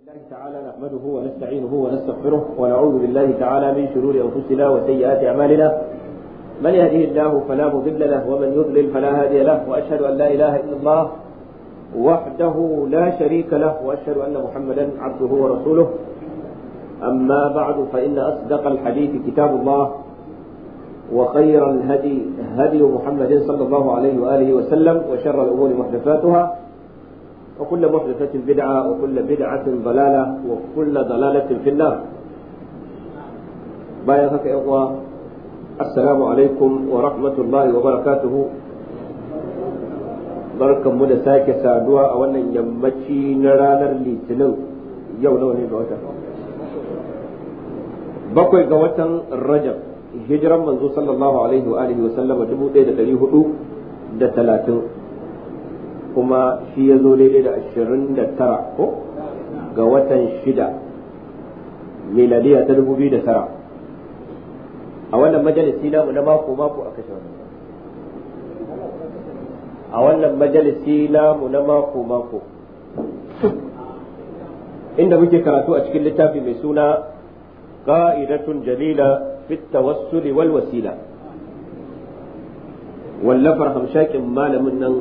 الله تعالى نحمده ونستعينه ونستغفره ونعوذ بالله تعالى من شرور انفسنا وسيئات اعمالنا من يهده الله فلا مضل له ومن يضلل فلا هادي له واشهد ان لا اله الا الله وحده لا شريك له واشهد ان محمدا عبده ورسوله اما بعد فان اصدق الحديث كتاب الله وخير الهدي هدي محمد صلى الله عليه واله وسلم وشر الامور محدثاتها وكل محدثة بدعة وكل بدعة ضلالة وكل ضلالة في النار بايا هكا إخوة السلام عليكم ورحمة الله وبركاته barkan mu da sake saduwa a wannan yammaci na ranar litinin yau nawa ne ga wata bakwai ga watan rajab hijiran manzo sallallahu alaihi wa wa sallama dubu da ɗari hudu da talatin kuma shi ya zo daidai da ashirin da tara ko ga watan shida miladiya ta dubu biyu da tara a wannan majalisi namu na mako mako a kashe wannan a wannan majalisi namu na mako mako inda muke karatu a cikin littafi mai suna ka'idatun jalila fi tawassuli wal wasila wallafar hamshakin malamin nan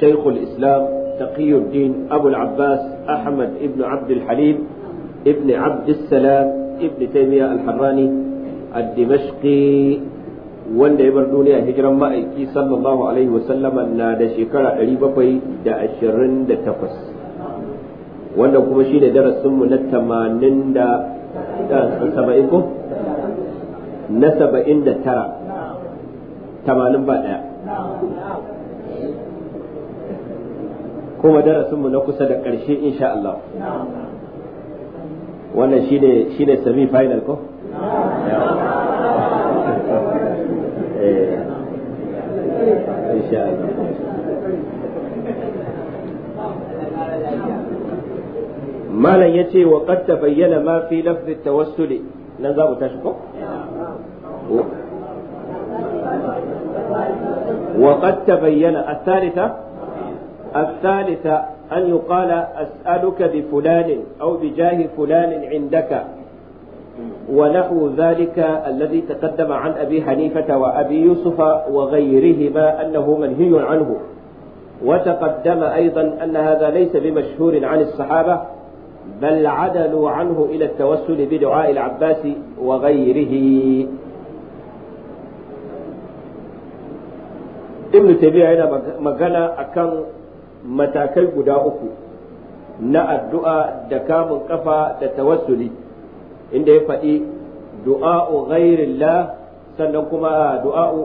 شيخ الإسلام تقي الدين أبو العباس أحمد ابن عبد الحليم ابن عبد السلام ابن تيمية الحراني الدمشقي wanda ya bar duniya hijiran ma'aiki sallallahu alaihi wasallama na da shekara 728 wanda kuma shi ne darasinmu na 80 da 70 ko na 79 ba daya kuma darasinmu na kusa da ƙarshe insha Allah wannan shine shine semi final ko insha Allah malam yace wa qad tabayyana ma fi lafzi tawassuli nan za mu tashi ko wa qad tabayyana الثالثة الثالثة أن يقال أسألك بفلان أو بجاه فلان عندك ونحو ذلك الذي تقدم عن أبي حنيفة وأبي يوسف وغيرهما أنه منهي عنه وتقدم أيضا أن هذا ليس بمشهور عن الصحابة بل عدلوا عنه إلى التوسل بدعاء العباس وغيره ابن تيمية هنا مجانا أكان matakai guda uku na addu'a da kamun kafa da tawassuli inda ya faɗi du'a'u ghairillah sannan kuma du'a'u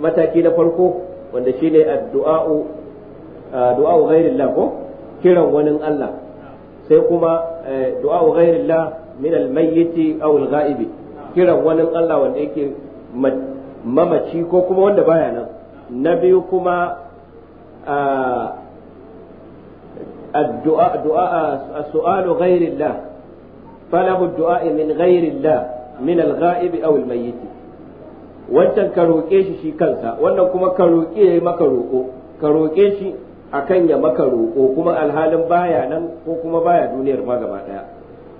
mataki na farko wanda shine addu'a'u du'a'u ghairillah ko kiran wani Allah sai kuma du'a'u ghairillah min al-mayyiti aw al-ghaibi kiran wani Allah wanda yake mamaci ko kuma wanda baya nan na biyu kuma الدعاء دعاء سؤال غير الله طلب الدعاء من غير الله من الغائب أو الميت wancan ka roƙe shi shi kansa wannan kuma ka roƙe ya maka roƙo ka roƙe shi kan ya maka roƙo kuma alhalin baya nan ko kuma baya duniyar ma gaba ɗaya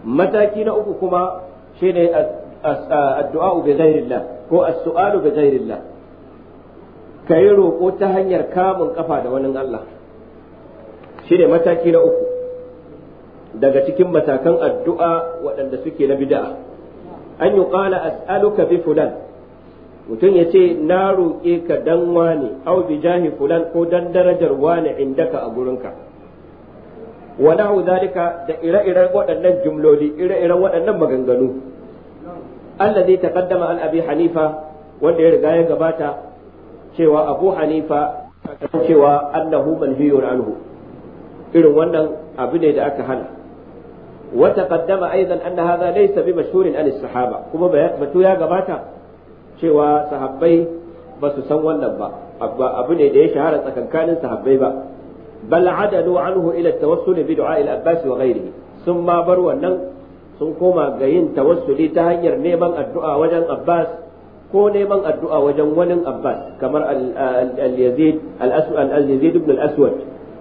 mataki na uku kuma shine addu'a bi ghairillah ko as-su'alu bi ghairillah ka yi roƙo ta hanyar kamun ƙafa da wani Allah shirya mataki na uku daga cikin matakan addu'a waɗanda suke na bid'a an yi ƙala as'aluka bi fulan mutum ya ce na roƙe ka dan wane au bi jahi fulan ko dan darajar wane indaka a gurinka Wani hau zalika da ire-iren waɗannan jumloli ire-iren waɗannan maganganu Allah zai ta an abi hanifa wanda ya riga ya gabata cewa abu hanifa cewa annahu manhiyun anhu irin wannan abu ne da aka hana wa taqaddama aidan anna hadha laysa bi mashhurin an sahaba kuma batu ya gabata cewa sahabbai ba su san wannan ba abu ne da ya shahara tsakankanin sahabbai ba bal adadu anhu ila tawassul bi du'a al-abbas wa ghayrihi sun ma bar wannan sun koma ga yin tawassuli ta hanyar neman addu'a wajen abbas ko neman addu'a wajen wani Abbas kamar al-Yazid ibn al-Aswad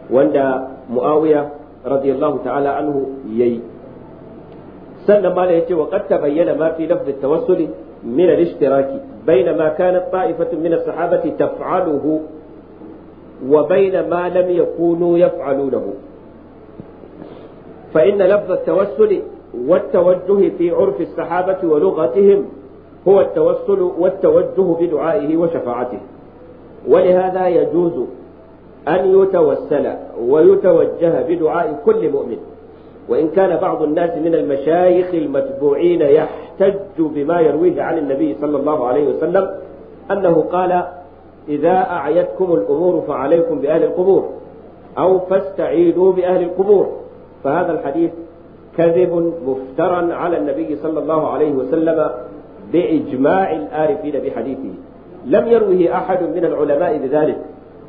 wanda Muawiya radiyallahu ta'ala anhu yayi sannan mala yace wa qad tabayyana ma fi lafz at-tawassul min al-ishtiraki baina ma kanat ta'ifatu min as-sahabati taf'aluhu wa baina ma lam yakunu yaf'alunahu fa inna lafz at-tawassul والتوجه في sahabati wa ولغتهم هو التوسل والتوجه بدعائه وشفاعته ولهذا يجوز أن يتوسل ويتوجه بدعاء كل مؤمن وإن كان بعض الناس من المشايخ المتبوعين يحتج بما يرويه عن النبي صلى الله عليه وسلم أنه قال إذا أعيتكم الأمور فعليكم بأهل القبور أو فاستعيدوا بأهل القبور فهذا الحديث كذب مفترى على النبي صلى الله عليه وسلم بإجماع الآرفين بحديثه لم يروه أحد من العلماء بذلك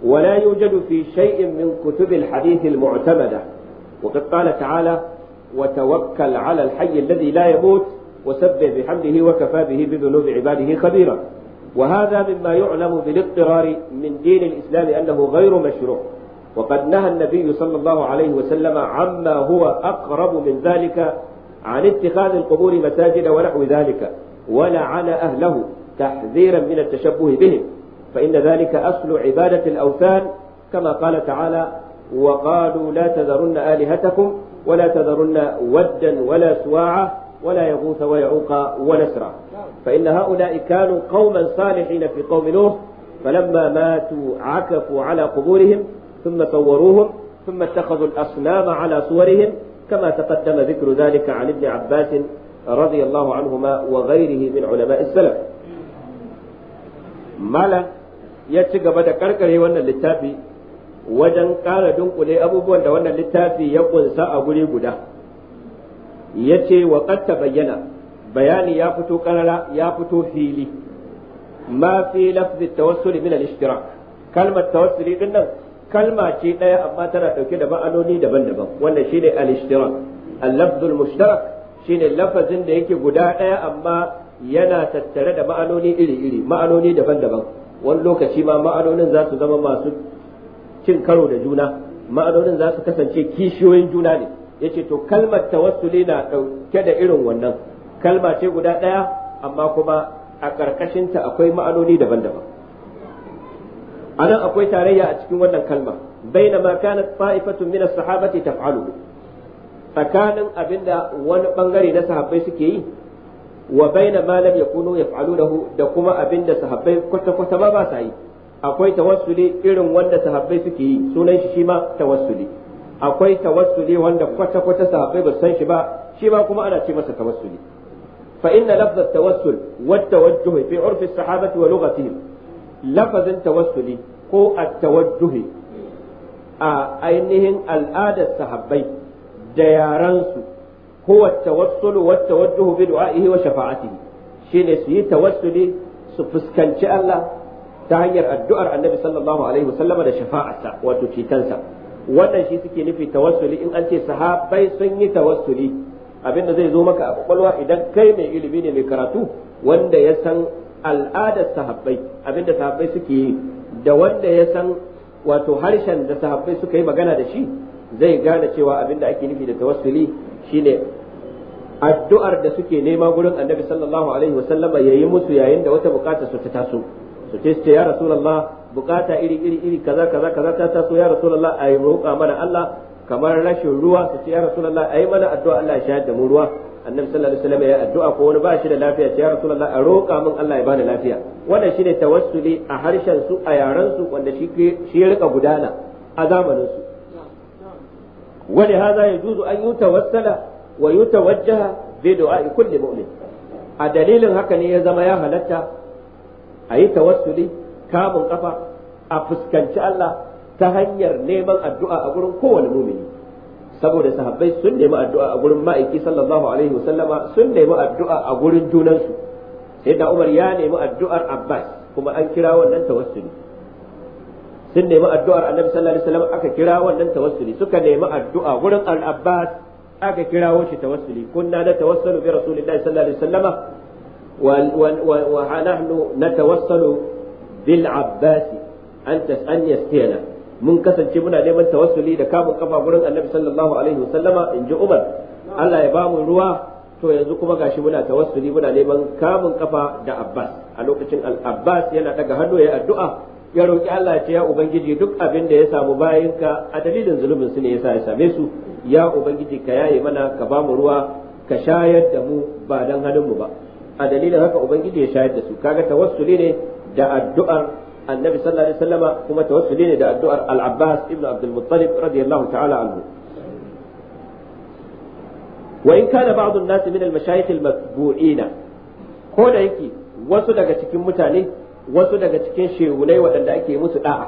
ولا يوجد في شيء من كتب الحديث المعتمدة وقد قال تعالى وتوكل على الحي الذي لا يموت وسبح بحمده وكفى به بذنوب عباده خبيرا وهذا مما يعلم بالاضطرار من دين الإسلام أنه غير مشروع وقد نهى النبي صلى الله عليه وسلم عما هو أقرب من ذلك عن اتخاذ القبور مساجد ونحو ذلك ولعن أهله تحذيرا من التشبه بهم فإن ذلك أصل عبادة الأوثان كما قال تعالى وقالوا لا تذرن آلهتكم ولا تذرن ودا ولا سواعة ولا يغوث ويعوق ونسرا فإن هؤلاء كانوا قوما صالحين في قوم نوح فلما ماتوا عكفوا على قبورهم ثم صوروهم ثم اتخذوا الأصنام على صورهم كما تقدم ذكر ذلك عن ابن عباس رضي الله عنهما وغيره من علماء السلف مالا يتشغب دا كركري وانا للتافي وجن قال دنقلي أبو بوان دا وانا للتافي يقول ساء قولي بدا يتي وقد تبين بياني يا فتو قرر يا فتو فيلي ما في لفظ التوسل من الاشتراك كلمة توسلي قلنا kalma ce ɗaya amma tana ɗauke da ma'anoni daban-daban wannan shine al-ishtirak al-lafzul mushtarak shine lafazin da yake guda ɗaya amma yana tattare da ma'anoni iri-iri ma'anoni daban-daban wani lokaci ma ma'anonin za su zama masu cin karo da juna ma'anonin za su kasance kishiyoyin juna ne Ya ce to kalmar tawassuli na ɗauke da irin wannan kalma ce guda ɗaya amma kuma a ƙarƙashinta akwai ma'anoni daban-daban anan akwai tarayya a cikin wannan kalma bainama kanat ta'ifatun min as-sahabati taf'aluhu tsakanin abinda wani bangare na sahabbai suke yi wa baina ma lam yakunu lahu da kuma abinda sahabbai kwata kwata ba ba sa yi akwai tawassuli irin wanda sahabbai suke yi sunan shi shi ma tawassuli akwai tawassuli wanda kwata kwata sahabbai ba san shi ba shi ma kuma ana ce masa tawassuli fa inna lafza tawassul wa tawajjuh fi 'urf as-sahabati wa lughatihim lafazin tawassuli ko at-tawajjuh a ainihin al'adar sahabbai da yaransu huwa wacce tawassul wa at-tawajjuh bi du'a'ihi wa shafa'atihi shine su yi tawassuli su fuskanci Allah ta hanyar addu'ar Annabi sallallahu alaihi wasallama da shafa'arsa wato citansa wannan shi suke nufi tawassuli in an ce sahabbai sun yi tawassuli abinda zai zo maka a kwakwalwa idan kai mai ilimi ne mai karatu wanda ya san al'adar sahabbai abinda sahabbai suke yi da wanda ya san wato harshen da sahabbai suka yi magana da shi zai gane cewa abin da ake nufi da tawassuli shine addu'ar da suke nema gurin annabi sallallahu alaihi ya yayi musu yayin da wata bukata su ta taso su ce su ya rasulullah bukata iri iri iri kaza kaza kaza ta taso ya rasulullah ayi roƙa mana Allah kamar rashin ruwa su ce ya rasulullah ayi mana addu'a Allah ya shayar da mu ruwa annabi sallallahu alaihi wasallam ya addu'a ko wani ba shi da lafiya ce ya rasulullah a roƙa min Allah ya bani lafiya wannan shine tawassuli a harshen su a yaran su wanda shi shi ya rika gudana a zamanin su wani haza ya juzu an yi tawassala wa yi tawajjaha bi du'a'i kulli mu'min a dalilin haka ne ya zama ya halatta a yi tawassuli kamun kafa a fuskanci Allah ta hanyar neman addu'a a gurin kowane mumini saboda sahabbai sun nemi addu'a a gurin ma'aiki sallallahu alaihi wasallama sun nemi addu'a a gurin junansu sai Umar ya nemi addu'ar Abbas kuma an kira wannan tawassuli sun nemi addu'ar annabi sallallahu alaihi wasallam aka kira wannan tawassuli suka nemi addu'a gurin al-abbas aka kirawo shi tawassuli kunna na tawassalu bi rasulillahi sallallahu alaihi wasallam wa nahnu natawassalu bil abbas an tas'an yastiyana mun kasance muna neman tawassuli da kamun kafa gurin annabi sallallahu alaihi wasallama in ji umar Allah ya bamu ruwa to yanzu kuma gashi muna tawassuli muna neman kamun kafa da abbas a lokacin al-abbas yana daga hannu ya addu'a ya roki Allah ce ya ubangiji duk abin da ya samu bayanka a dalilin zulumin su ne yasa ya same su ya ubangiji ka yaye mana ka ba mu ruwa ka shayar da mu ba dan halin mu ba a dalilin haka ubangiji ya shayar da su kaga tawassuli ne da addu'ar annabi sallallahu alaihi wasallama kuma tawassuli ne da addu'ar al-abbas ibn abdul muttalib radiyallahu ta'ala anhu وإن كان بعض الناس من المشايخ المتبوعين ko da yake wasu daga cikin mutane wasu daga cikin shehunai waɗanda ake musu da'a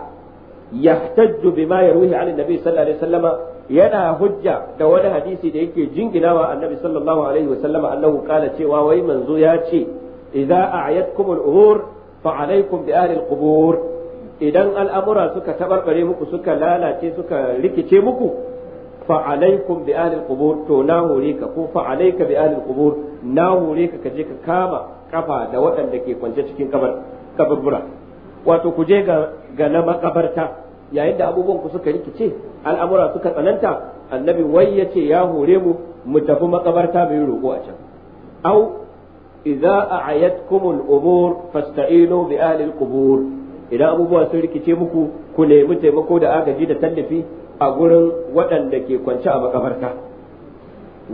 yahtajju bima yaruhi an annabi sallallahu alaihi wasallama yana hujja da wani hadisi da yake jinginawa annabi sallallahu alaihi wasallama annahu qala cewa wai manzo ya ce idza a'yatkum al-umur fa alaikum bi ahli al-qubur idan al'amura suka tabarbare muku suka lalace suka rikice muku fa alaikum bi ahli al-qubur to na hore ka ko fa alayka bi ahli al-qubur na hore ka kaje ka kama kafa da waɗanda ke kwance cikin kabar kaburbura wato ku je ga na makabarta yayin da abubuwan ku suka rikice al'amura suka tsananta annabi wai ya ce ya hore mu mu tafi makabarta mu yi roƙo a can au idza a'ayatkumul umur fasta'inu bi ahli al-qubur idan abubuwa sun rikice muku ku nemi taimako da agaji da tallafi a gurin waɗanda ke kwance a makabarta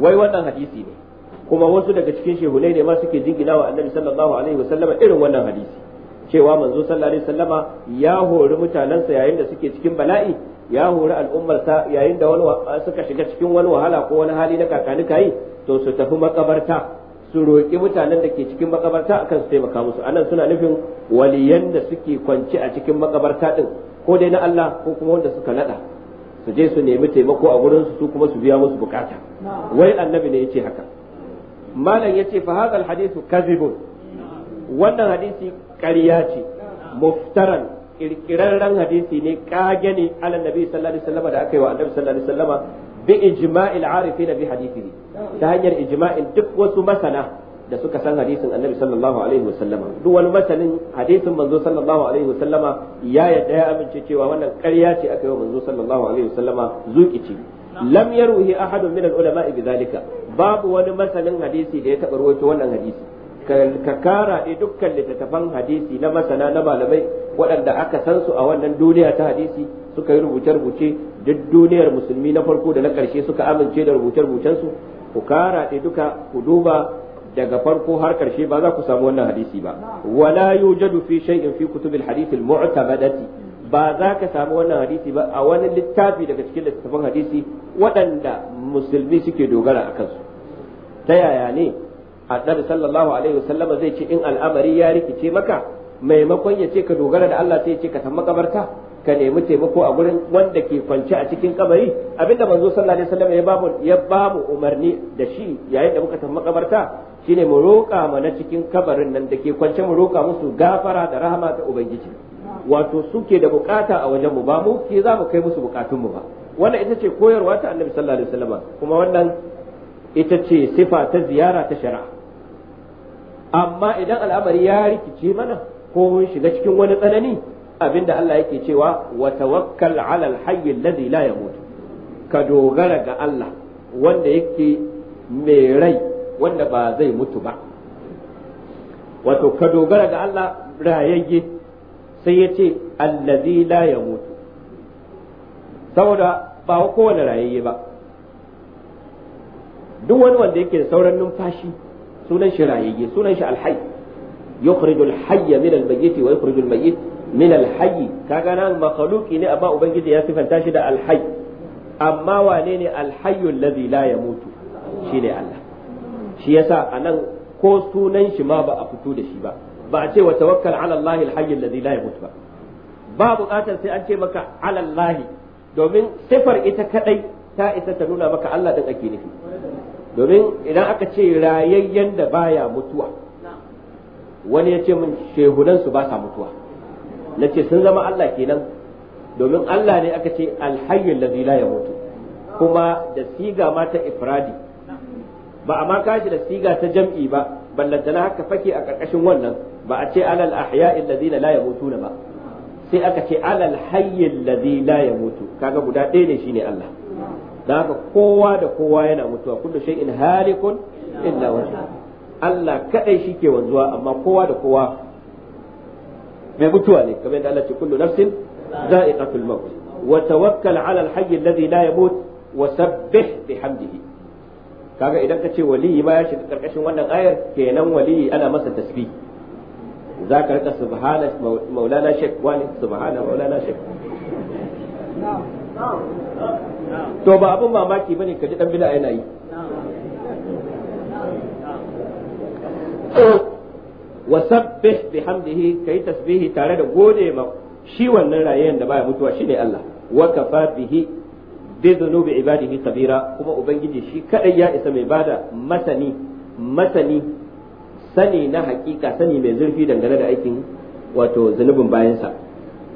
wai wannan hadisi ne kuma wasu daga cikin shehunai ne ma suke jingina wa annabi sallallahu alaihi wasallama irin wannan hadisi cewa manzo sallallahu alaihi wasallama ya hori mutanensa yayin da suke cikin bala'i ya hori al'ummarsa yayin da wani suka shiga cikin wani wahala ko wani hali na kakanika yi to su tafi makabarta su roƙi mutanen da ke cikin makabarta akan su taimaka musu anan suna nufin waliyan da suke kwance a cikin makabarta din ko dai na Allah ko kuma wanda suka nada su je su nemi taimako a gurin su kuma su biya musu bukata wai annabi ne yace haka malam yace fa hadal hadithu kadhibun wannan hadisi ƙarya ce muftaran kirkirarren hadisi ne kage ne ala nabi sallallahu alaihi wasallam da aka yi wa annabi sallallahu alaihi wasallam bi ijma'il arifina bi hadithihi ta hanyar ijma'in duk wasu masana da suka san hadisin annabi sallallahu alaihi wasallam duk wani masanin hadisin manzo sallallahu alaihi wasallam ya yadda ya amince cewa wannan ƙarya ce aka yi wa manzo sallallahu alaihi wasallama zuki ce lam yarwihi ahadun min al-ulama bi zalika babu wani masanin hadisi da ya taɓa rawaito wannan hadisi ka kara dukkan littattafan hadisi na masana na malamai waɗanda aka san su a wannan duniya ta hadisi suka yi rubuce-rubuce duk duniyar musulmi na farko da na ƙarshe suka amince da rubuce-rubucensu ku kara duka ku duba daga farko har ƙarshe ba za ku samu wannan hadisi ba wala yujadu fi shay'in fi kutubil hadith al mu'tabadati ba za ka samu wannan hadisi ba a wani littafi daga cikin littattafan hadisi waɗanda musulmi suke dogara a kansu ta yaya ne annabi sallallahu alaihi wasallama zai ce in al'amari ya rikice maka maimakon ya ce ka dogara da Allah sai ya ce ka tamma kabarta ka nemi taimako a gurin wanda ke kwance a cikin kabari abinda manzo sallallahu alaihi wasallam ya babu ya bamu umarni da shi yayin da muka tamma kabarta shine mu roƙa mana cikin kabarin nan da ke kwance mu roƙa musu gafara da rahama ta ubangiji wato suke da bukata a wajen mu ba mu ke za mu kai musu bukatun mu ba wannan ita ce koyarwa ta annabi sallallahu alaihi wasallam kuma wannan ita ce sifa ta ziyara ta shari'a amma idan al'amari ya rikice mana ko mun shiga cikin wani tsanani abinda Allah yake cewa wa tawakkal ala hayy alladhi la yamut ka dogara ga Allah wanda yake mai rai wanda ba zai mutu ba wato ka dogara ga Allah rayayye sai ya ce allazi la yamut saboda ba kowane rayayye ba duk wani wanda yake da sauran numfashi sunan shi rayayye sunan shi alhayy yukhrijul hayya min al wa yukhrijul mayyit min al-hayy kaga nan makhluqi ne amma ubangiji ya sifanta shi da alhayy amma wane ne alhayyu alladhi la yamutu shine Allah shi yasa anan ko sunan shi ma ba a fito da shi ba ba a ce wa tawakkal ala Allah alhayy alladhi la yamutu ba ba bukatar sai an ce maka ala Allah domin sifar ita kadai ta isa ta nuna maka Allah din ake nufi domin idan aka ce rayayyen da baya mutuwa wani ya ce min su ba sa mutuwa na ce sun zama Allah kenan domin Allah ne aka ce alhayyul ladzi la yamutu kuma da siga ma ta ifradi ba a ma kashi da siga ta jam'i ba ballantana haka fake a ƙarƙashin wannan ba a ce alal ahya'i alladhina la yamutu ba sai aka ce alal hayyil ladzi la yamutu kaga guda ɗaya ne shine Allah da haka kowa da kowa yana mutuwa kullu shay'in halikun illa wajha Allah kadai shike wanzuwa amma kowa da kowa mai mutuwa ne kamar yadda Allah ce kullu nafsin za'iqatul maut wa tawakkal 'ala al-hayy alladhi la yamut wa sabbih bihamdihi kaga idan kace ce waliyi ba ya shiga karkashin wannan ayar kenan waliyi ana masa tasbih za ka rika subhana maulana shek wani subhana maulana shek to ba abin mamaki bane ka ji dan bid'a yana yi sabbih bihamdihi kai tasbihi tare da gode ma shi wannan rayayen da baya mutuwa shine Allah wa kafa bihi bi dhunubi ibadihi kabira kuma ubangiji shi kadai ya isa mai bada masani masani sani na hakika sani mai zurfi dangane da aikin wato zunubin bayansa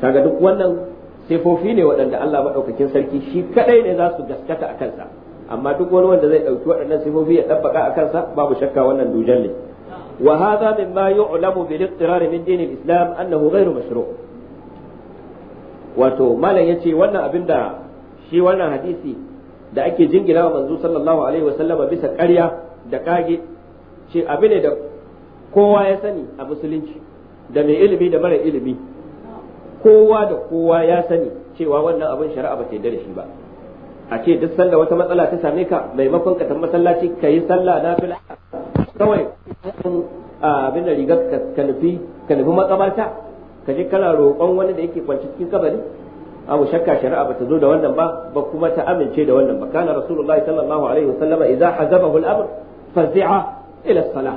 kaga duk wannan sifofi ne waɗanda Allah maɗaukakin sarki shi kaɗai ne za su gaskata a kansa amma duk wani wanda zai ɗauki waɗannan sifofi ya ɗabbaka a kansa babu shakka wannan dujan ne wa hadha mimma yu'lamu bil iqtirar min din al-islam annahu ghayru mashru' wato malam yace wannan abin da shi wannan hadisi da ake jingina wa manzo sallallahu alaihi wa sallama bisa ƙarya da kage shi abu ne da kowa ya sani a musulunci da mai ilimi da mara ilimi kowa da kowa ya sani cewa wannan abin shari'a ba ta yarda da shi ba a ce duk sanda wata matsala ta same ka maimakon ka tafi masallaci ka yi sallah na fila kawai abin da rigar ka nufi ka nufi makabarta ka je kana roƙon wani da yake kwanci cikin kabari abu shakka shari'a ba ta zo da wannan ba ba kuma ta amince da wannan ba kana rasulullahi sallallahu alaihi wasallama idza hazabahu al-amr fazi'a ila salah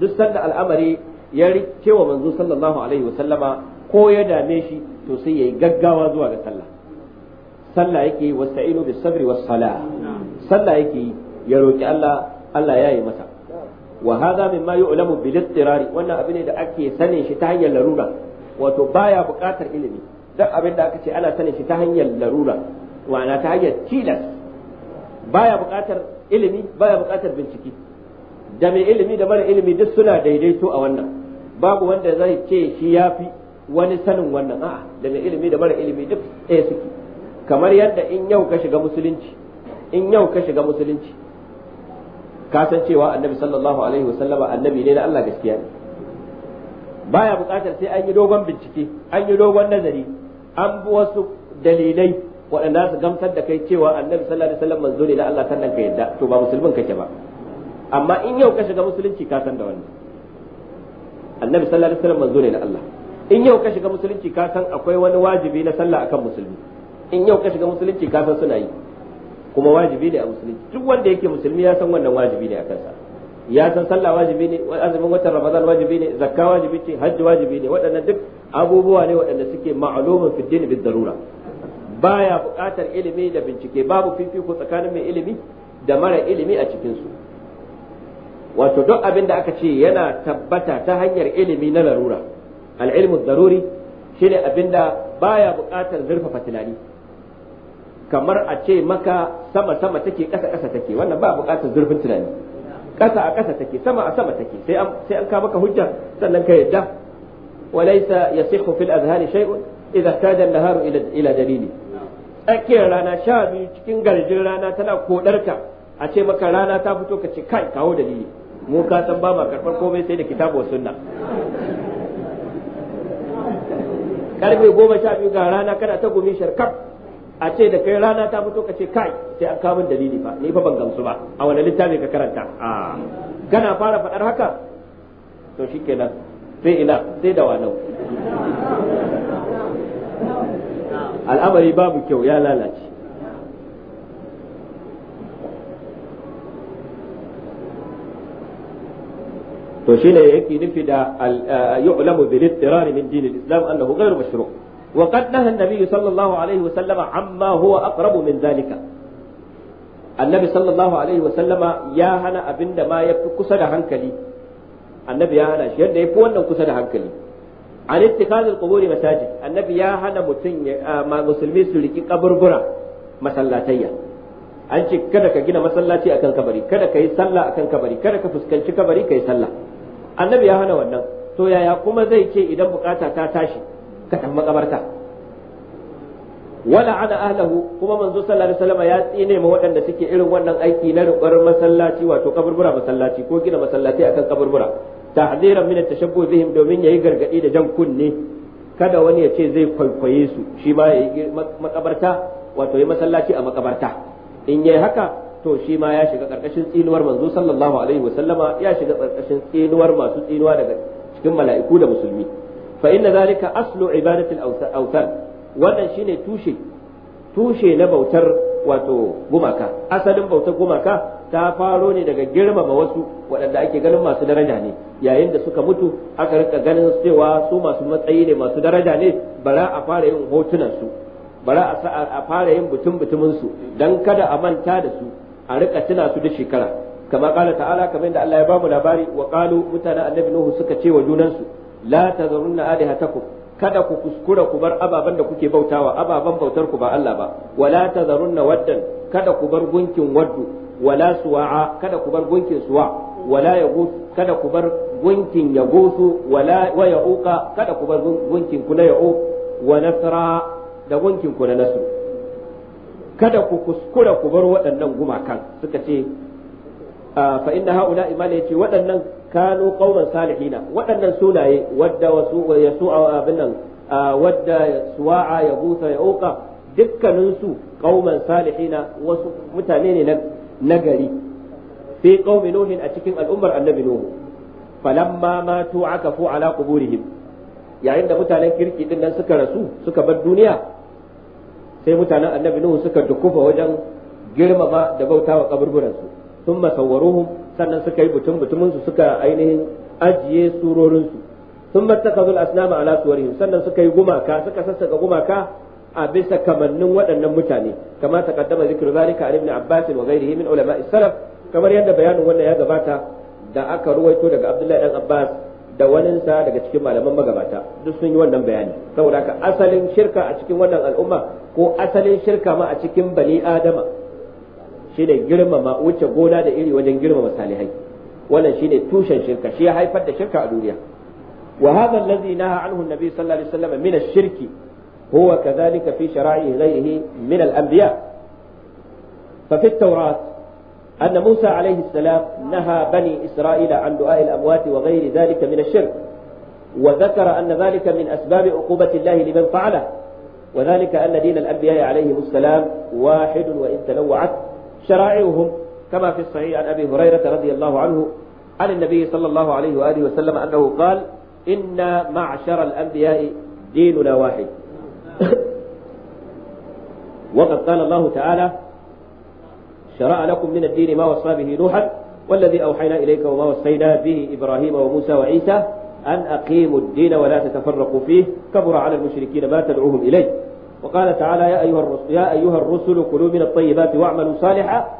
duk sanda al'amari ya rikewa manzo sallallahu alaihi wasallama ko ya dame shi to sai yayi gaggawa zuwa ga sallah sallah yake yi wasta'inu bis sabri was salah sallah yake yi ya roki Allah Allah ya yi masa wa hadha mimma yu'lamu bil istirari wannan abin ne da ake sanin shi ta hanyar larura wato baya buƙatar ilimi duk abin da aka ce ana sanin shi ta hanyar larura ma'ana ta hanyar tilas baya buƙatar ilimi baya buƙatar bincike da mai ilimi da mara ilimi duk suna daidaito a wannan babu wanda zai ce shi yafi wani sanin wannan a'a da mai ilimi da mara ilimi duk ɗaya suke kamar yadda in yau ka shiga musulunci in yau ka shiga musulunci ka san cewa annabi sallallahu alaihi wasallama annabi ne na Allah gaskiya ne baya buƙatar sai an yi dogon bincike an yi dogon nazari an bi wasu dalilai waɗanda su gamsar da kai cewa annabi sallallahu alaihi wasallam manzo ne na Allah sannan ka yadda to ba musulmin kake ba amma in yau ka shiga musulunci ka san da wannan annabi sallallahu alaihi wasallam manzo ne na Allah in yau ka shiga musulunci ka san akwai wani wajibi na sallah akan musulmi in yau ka shiga musulunci ka san suna yi kuma wajibi ne a musulunci duk wanda yake musulmi ya san wannan wajibi ne a kansa ya san sallah wajibi ne azumin watan ramadan wajibi ne zakka wajibi ce hajji wajibi ne waɗannan duk abubuwa ne waɗanda suke ma'lumun fi din bi darura baya buƙatar ilimi da bincike babu fifiko tsakanin mai ilimi da mara ilimi a cikin su wato duk abin da aka ce yana tabbata ta hanyar ilimi na larura al'ilmu shi ne daruri shine ba ya buƙatar zurfafa tunani kamar a ce maka sama sama take ƙasa ƙasa take wannan ba buƙatar zurfin tunani ƙasa a ƙasa take sama a sama take sai an sai ka maka hujja sannan ka yadda walaysa yasihu fil azhani shay'un idza kada an-naharu ila ila dalili tsakiyar rana sha biyu cikin garjin rana tana kodarka a ce maka rana ta fito ka ce kai kawo dalili mu ka san ba ma karɓar komai sai da kitabu wa sunna karfe goma sha biyu ga rana kana ta gumi sharkaf a ce da kai rana ta fito ka ce kai sai an kawo dalili fa ni fa ban gamsu ba a wani littafi ka karanta a kana fara faɗar haka to shikenan sai ina sai da wanau al'amari babu kyau ya lalace to shine yake nufi da yu'lamu bil ittirar min din al-islam annahu ghayr mashru' wa qad naha an-nabi sallallahu alaihi wa sallam amma huwa aqrabu min zalika annabi sallallahu alaihi wa sallama ya hana abinda ma yafi kusa da hankali annabi ya hana shi yadda yafi wannan kusa da hankali an ittikaz al-quburi masajid annabi ya hana mutun musulmi su riki kaburbura masallatayya an ce kada ka gina masallaci akan kabari kada ka yi sallah akan kabari kada ka fuskanci kabari ka yi sallah annabi ya hana wannan to yaya kuma zai ce idan bukata ta tashi ka tafi makabarta wala ana ahlahu kuma manzo sallallahu alaihi wasallam ya tsine ma waɗanda suke irin wannan aiki na rubar masallaci wato kaburbura masallaci ko gina masallaci akan kaburbura tahdiran min at-tashabbuh bihim domin yayi gargadi da jan kunne kada wani ya ce zai kwaikwaye su shi ma yi makabarta wato yi masallaci a makabarta in yayi haka to shi ma ya shiga karkashin tsinuwar manzo sallallahu alaihi wasallama ya shiga karkashin tsinuwar masu tsinuwa daga cikin mala'iku da musulmi fa inna zalika aslu ibadatil awthan wannan shine tushe tushe na bautar wato gumaka asalin bautar gumaka ta faro ne daga girmama wasu waɗanda ake ganin masu daraja ne yayin da suka mutu aka rika ganin cewa su masu matsayi ne masu daraja ne bara a fara yin hotunan su bara a fara yin butun butumin su dan kada a manta da su a rika tuna su da shekara kama kala ta'ala kamar yadda Allah ya bamu labari wa qalu mutanen annabi nuhu suka ce wa junansu la tazarunna alihatakum kada ku kuskura ku bar ababan da kuke bautawa ababan bautar ku ba Allah ba wala tazarunna waddan kada ku bar gunkin waddu wala suwa'a kada ku bar gunkin suwa wala yaghus kada ku bar gunkin yaghusu wala wa yauqa kada ku bar gunkin ku na wa nasra da gunkin ku nasru kada ku kuskura ku bar waɗannan gumakan suka ce fa inna haula imala yace waɗannan kanu qauman salihina waɗannan sunaye wadda wasu ya yasu abin nan wadda suwa'a ya gusa ya uka dukkanin su qauman salihina wasu mutane ne na gari fi qaumi nuhin a cikin al'ummar annabi nuhu falamma matu akafu ala quburihim yayin da mutanen kirki din nan suka rasu suka bar duniya sai mutanen annabi nuhu suka dukufa wajen girmama da bautawa kaburburan su sun masawaruhu sannan suka yi butun butumin suka ainihin ajiye surorinsu su sun mattakazul asnama ala suwarihim sannan suka yi gumaka suka sassaka gumaka a bisa kamannin waɗannan mutane kama kaddama zikru zalika an ibn abbas wa ghairihi min ulama'is salaf kamar yadda bayanin wannan ya gabata da aka ruwaito daga abdullahi dan abbas da waninsa daga cikin malaman magabata duk sun yi wannan bayani saboda haka asalin shirka a cikin wannan al'umma ko asalin shirka ma a cikin bani adama shine girmama wuce gona da iri wajen girmama salihai wannan shine tushen shirka shi ya haifar da shirka a duniya wa hadha allazi naha anhu sallallahu alaihi wasallam min ash-shirki huwa kadhalika fi shara'i ghayrihi min al-anbiya fa fi at-taurat أن موسى عليه السلام نهى بني إسرائيل عن دعاء الأموات وغير ذلك من الشرك وذكر أن ذلك من أسباب عقوبة الله لمن فعله وذلك أن دين الأنبياء عليهم السلام واحد وإن تنوعت شرائعهم كما في الصحيح عن أبي هريرة رضي الله عنه عن النبي صلى الله عليه وآله وسلم أنه قال إن معشر الأنبياء ديننا واحد وقد قال الله تعالى شرع لكم من الدين ما وصى به نوحا والذي أوحينا إليك وما وصينا به إبراهيم وموسى وعيسى أن أقيموا الدين ولا تتفرقوا فيه كبر على المشركين ما تدعوهم إليه وقال تعالى يا أيها الرسل, يا أيها الرسل كلوا من الطيبات واعملوا صالحا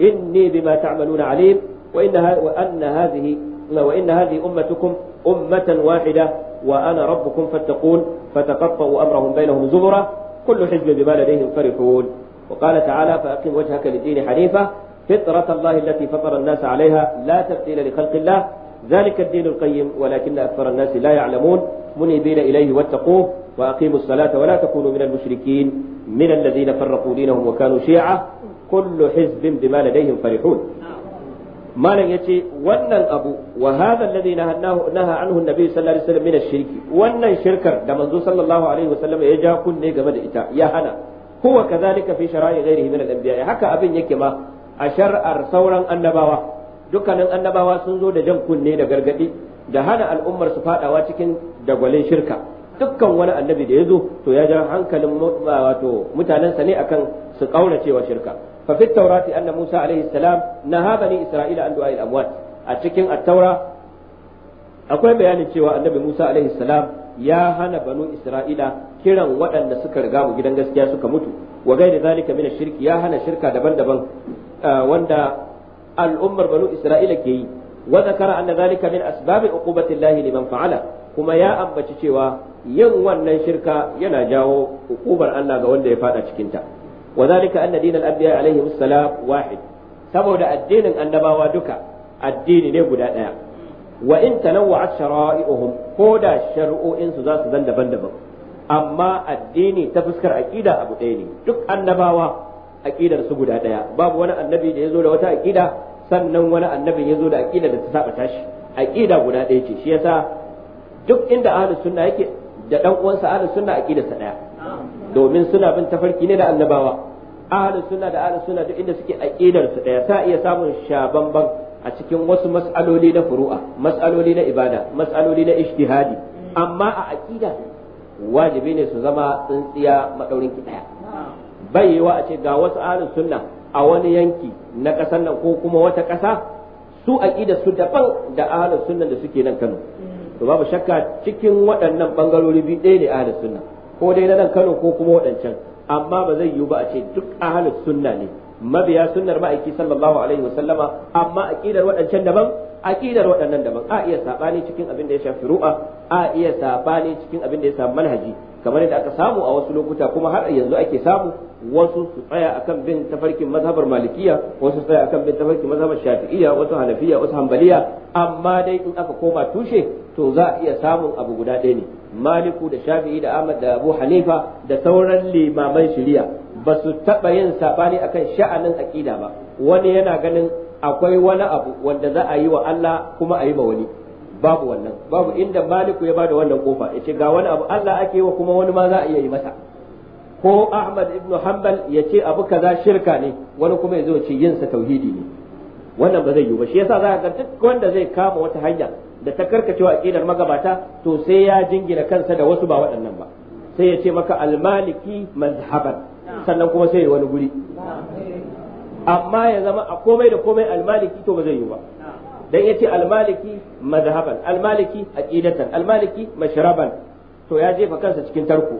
إني بما تعملون عليم وإن, وأن هذه وإن هذه أمتكم أمة واحدة وأنا ربكم فاتقون فتقطعوا أمرهم بينهم زبرا كل حزب بما لديهم فرحون وقال تعالى فأقم وجهك للدين حنيفا فطرة الله التي فطر الناس عليها لا تبديل لخلق الله ذلك الدين القيم ولكن أكثر الناس لا يعلمون منيبين إليه واتقوه وأقيموا الصلاة ولا تكونوا من المشركين من الذين فرقوا دينهم وكانوا شيعة كل حزب بما لديهم فرحون ما لن يتي ونن أبو وهذا الذي نهى, نهى عنه النبي صلى الله عليه وسلم من الشرك ونن شركر دمنزو صلى الله عليه وسلم يجا كن نيقا إتا يا هنا huwa kadhalika fi shara'i ghairihi min al-anbiya haka abin yake ma a shar'ar sauran annabawa dukkanin annabawa sun zo da jan kunne da gargadi da hana al'ummar su fadawa cikin dagwalin shirka dukkan wani annabi da ya zo to ya ja hankalin wato mutanensa ne akan su kauracewa shirka fa fi taurati anna musa alaihi salam naha isra'ila an du'a al a cikin at-taura akwai bayanin cewa annabi musa alaihi salam ya hana banu isra'ila kiran waɗanda suka riga mu gidan gaskiya suka mutu wa gaida zalika min shirki ya hana shirka daban-daban eh, wanda al'ummar banu isra'ila ke yi wa zakara anna zalika min asbabi uqubati llahi liman fa'ala kuma ya ambaci cewa yin wannan shirka yana jawo hukubar Allah ga wanda ya fada cikin ta wa zalika anna dinal anbiya alaihi wassalam wahid saboda addinin annabawa duka addini ne guda daya wa in tanawwa'at shara'i'uhum ko da shari'o'in su za su zan daban-daban amma addini ta fuskar aqida abu ɗaya ne duk annabawa aqidar su guda ɗaya babu wani annabi da ya zo da wata aqida sannan wani annabi ya zo da aqida da ta saba tashi aqida guda ɗaya ce shi yasa duk inda ahlus sunna yake da dan uwansa ahlus sunna sa ɗaya domin suna bin tafarki ne da annabawa ahlus sunna da ahlus sunna duk inda suke aqidar su ɗaya sa iya samun shabamban a cikin wasu mas'aloli na furu'a mas'aloli na ibada mas'aloli na ijtihadi amma a aqida wajibi ne su zama tsintsiya maɗaurin ki ɗaya bai yiwa a ce ga wasu ahlus sunna a wani yanki na ƙasar nan ko kuma wata ƙasa su aqida su daban da ahlus sunna da suke nan Kano to babu shakka cikin waɗannan bangarori biyu ɗaya ne ahlus sunna ko dai na nan Kano ko kuma waɗancan amma ba zai yiwu ba a ce duk ahlus sunna ne mabiya sunnar ma'aiki sallallahu alaihi wasallama amma aqidar waɗancan daban aqidar waɗannan daban a iya sabani cikin abin da ya shafi ru'a a iya sabani cikin abin da ya samu manhaji kamar yadda aka samu a wasu lokuta kuma har yanzu ake samu wasu su tsaya akan bin tafarkin mazhabar malikiya wasu su tsaya akan bin tafarkin mazhabar shafi'iyya wasu hanafiya wasu hanbaliya amma dai in aka koma tushe to za a iya samun abu guda ɗaya ne maliku da shafi'i da ahmad da abu hanifa da sauran limaman shari'a ba su taɓa yin saɓani akan sha'anin aƙida ba wani yana ganin akwai wani abu wanda za a yi wa Allah kuma a yi ma wani babu wannan babu inda maliku ya bada wannan kofa ya ce ga wani abu Allah ake yi wa kuma wani ma za a iya yi masa ko Ahmad ibn Hanbal ce abu kaza shirka ne wani kuma zo ce yin sa tauhidi ne wannan ba zai yi ba shi yasa za ka duk wanda zai kama wata hanya da ta karkacewa aqidar magabata to sai ya jingina kansa da wasu ba waɗannan ba sai ya ce maka al-maliki mazhaban sannan kuma sai ya wani guri amma ya zama a komai da komai almaliki to ba zai yi ba dan yace almaliki madhaban almaliki aqidatan almaliki mashraban to ya jefa kansa cikin tarko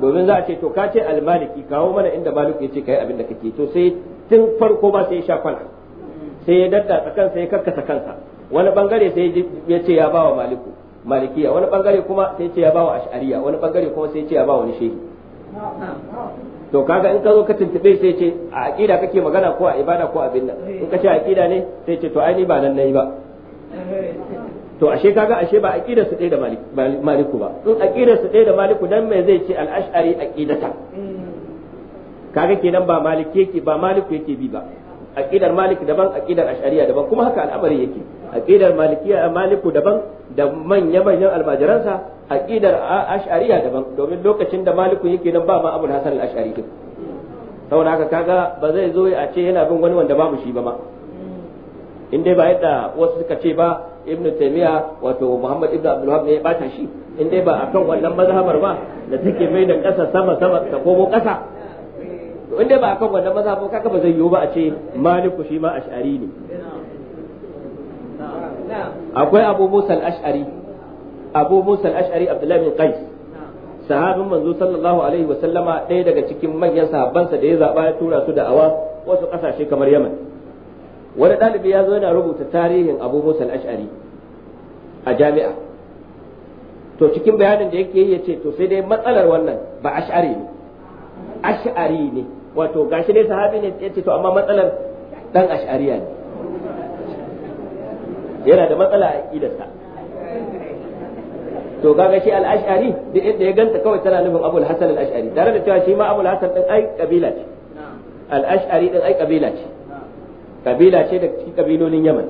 domin za a ce to ka ce almaliki kawo mana inda malik yace kai abin da kake to sai tun farko ba sai ya sha kwana sai ya daddatsa kansa ya karkasa kansa wani bangare sai ya ce ya bawa maliku malikiya wani bangare kuma sai ya ce ya bawa ash'ariya wani bangare kuma sai ya ce ya bawa wani shehi to kaga in ka zo ka tuntube sai ce a aqida kake magana ko a ibada ko abin nan in ka ce aqida ne sai ce to ai ni ba nan nayi ba to ashe kaga ashe ba aqidar su dai da maliku ba in aqidar su dai da maliku dan me zai ce al-ash'ari aqidata kaga kenan ba maliki yake ba maliku yake bi ba aqidar maliki daban aqidar ash'ariya daban kuma haka al'amari yake aqidar malikiya maliku daban da manya-manyan almajiransa a ash'ariya daban domin lokacin da maliku yake nan ba ma abu hasan al-ash'ari din sau haka kaga ba zai zo a ce yana bin wani wanda babu shi ba ma in dai ba yadda wasu suka ce ba Ibn taymiya wato muhammad Ibn abdul ne ya bata shi in dai ba akan wannan mazhabar ba da take mai da kasa sama sama ta komo kasa in dai ba akan wannan mazhabar kaga ba zai yiwu ba a ce maliku shi ma ash'ari ne akwai abu musa al-ash'ari abu musa al-ash'ari abdullahi bin qais sahabin manzo sallallahu alaihi wa sallama ɗaya daga cikin manyan sahabbansa da ya zaba ya tura su da awa wasu kasashe kamar yaman wani ɗalibi ya zo yana rubuta tarihin abu musa al-ash'ari a jami'a to cikin bayanin da yake yi ya ce to sai dai matsalar wannan ba ash'ari ne ash'ari ne wato gashi dai sahabi ne ya ce to amma matsalar dan ash'ariya ne yana da matsala a aqidarsa to kaga shi al-ash'ari duk inda ya ganta kawai tana nufin abul hasan al-ash'ari tare da cewa shi ma abul hasan din ai kabila ce al-ash'ari din ai kabila ce kabila ce da cikin kabilolin yaman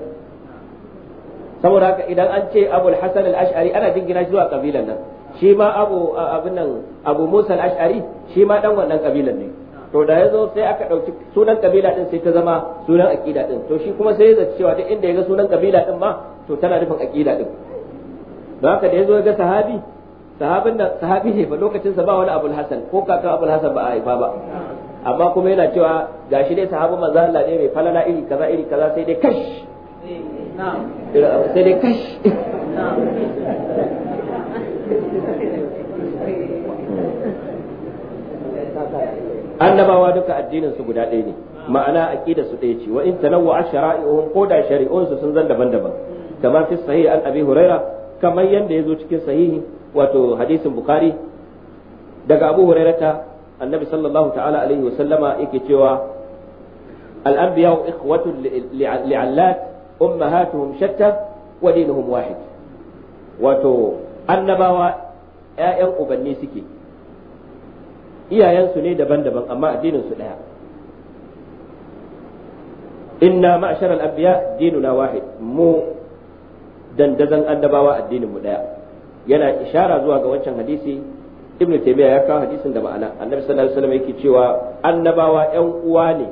saboda haka idan an ce abul hasan al-ash'ari ana jingina shi zuwa kabilan nan shi ma abu abin nan abu musa al-ash'ari shi ma dan wannan kabilan ne to da ya zo sai aka ɗauki sunan kabila din sai ta zama sunan aƙida din to shi kuma sai ya zaci cewa duk inda ya ga sunan kabila din ma to tana nufin aƙida din don haka da ya zo ya ga sahabi sahabin nan sahabi ne ba lokacin sa ba wani abul hasan ko kaka abul hasan ba a haifa ba amma kuma yana cewa gashi dai sahabin manzo Allah ne mai falala iri kaza iri kaza sai dai kash sai dai kash Thank you. annabawa duka addinin su guda ɗaya ne ma'ana aƙida su ɗaya ce wa in tanawwa shara'i'uhum ko da shari'un su sun zan daban-daban kamar fi sahihi an abi huraira kamar yanda yazo cikin sahihi wato hadisin bukhari daga abu hurairata annabi sallallahu ta'ala alaihi wa sallama yake cewa al-anbiya ikhwatu li'allat ummahatuhum shatta wa dinuhum wahid wato annabawa ƴaƴan ubanni suke iyayensu ne daban-daban amma addinin su daya inna ma'ashar al dinuna wahid mu dandazan annabawa addinin mu daya yana ishara zuwa ga wancan hadisi ibnu taymiya ya kawo hadisin da ma'ana annabi sallallahu alaihi yake cewa annabawa yan uwa ne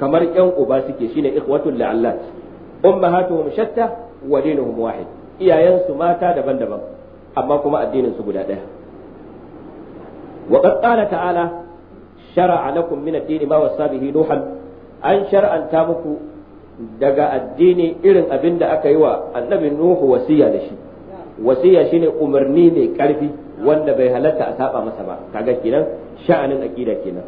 kamar yan uba suke shine ikhwatul la'allat ummahatuhum shatta wa dinuhum wahid iyayensu mata daban-daban amma kuma addinin su guda ɗaya. wa qad qala ta'ala shar'a lakum min ad-din ma wasa bihi nuhan an shar'anta muku daga addini irin abin da aka yi wa annabi nuhu wasiya da shi wasiya shine umarni ne karfi wanda bai halarta a saba masa ba kaga kenan sha'anin aqida kenan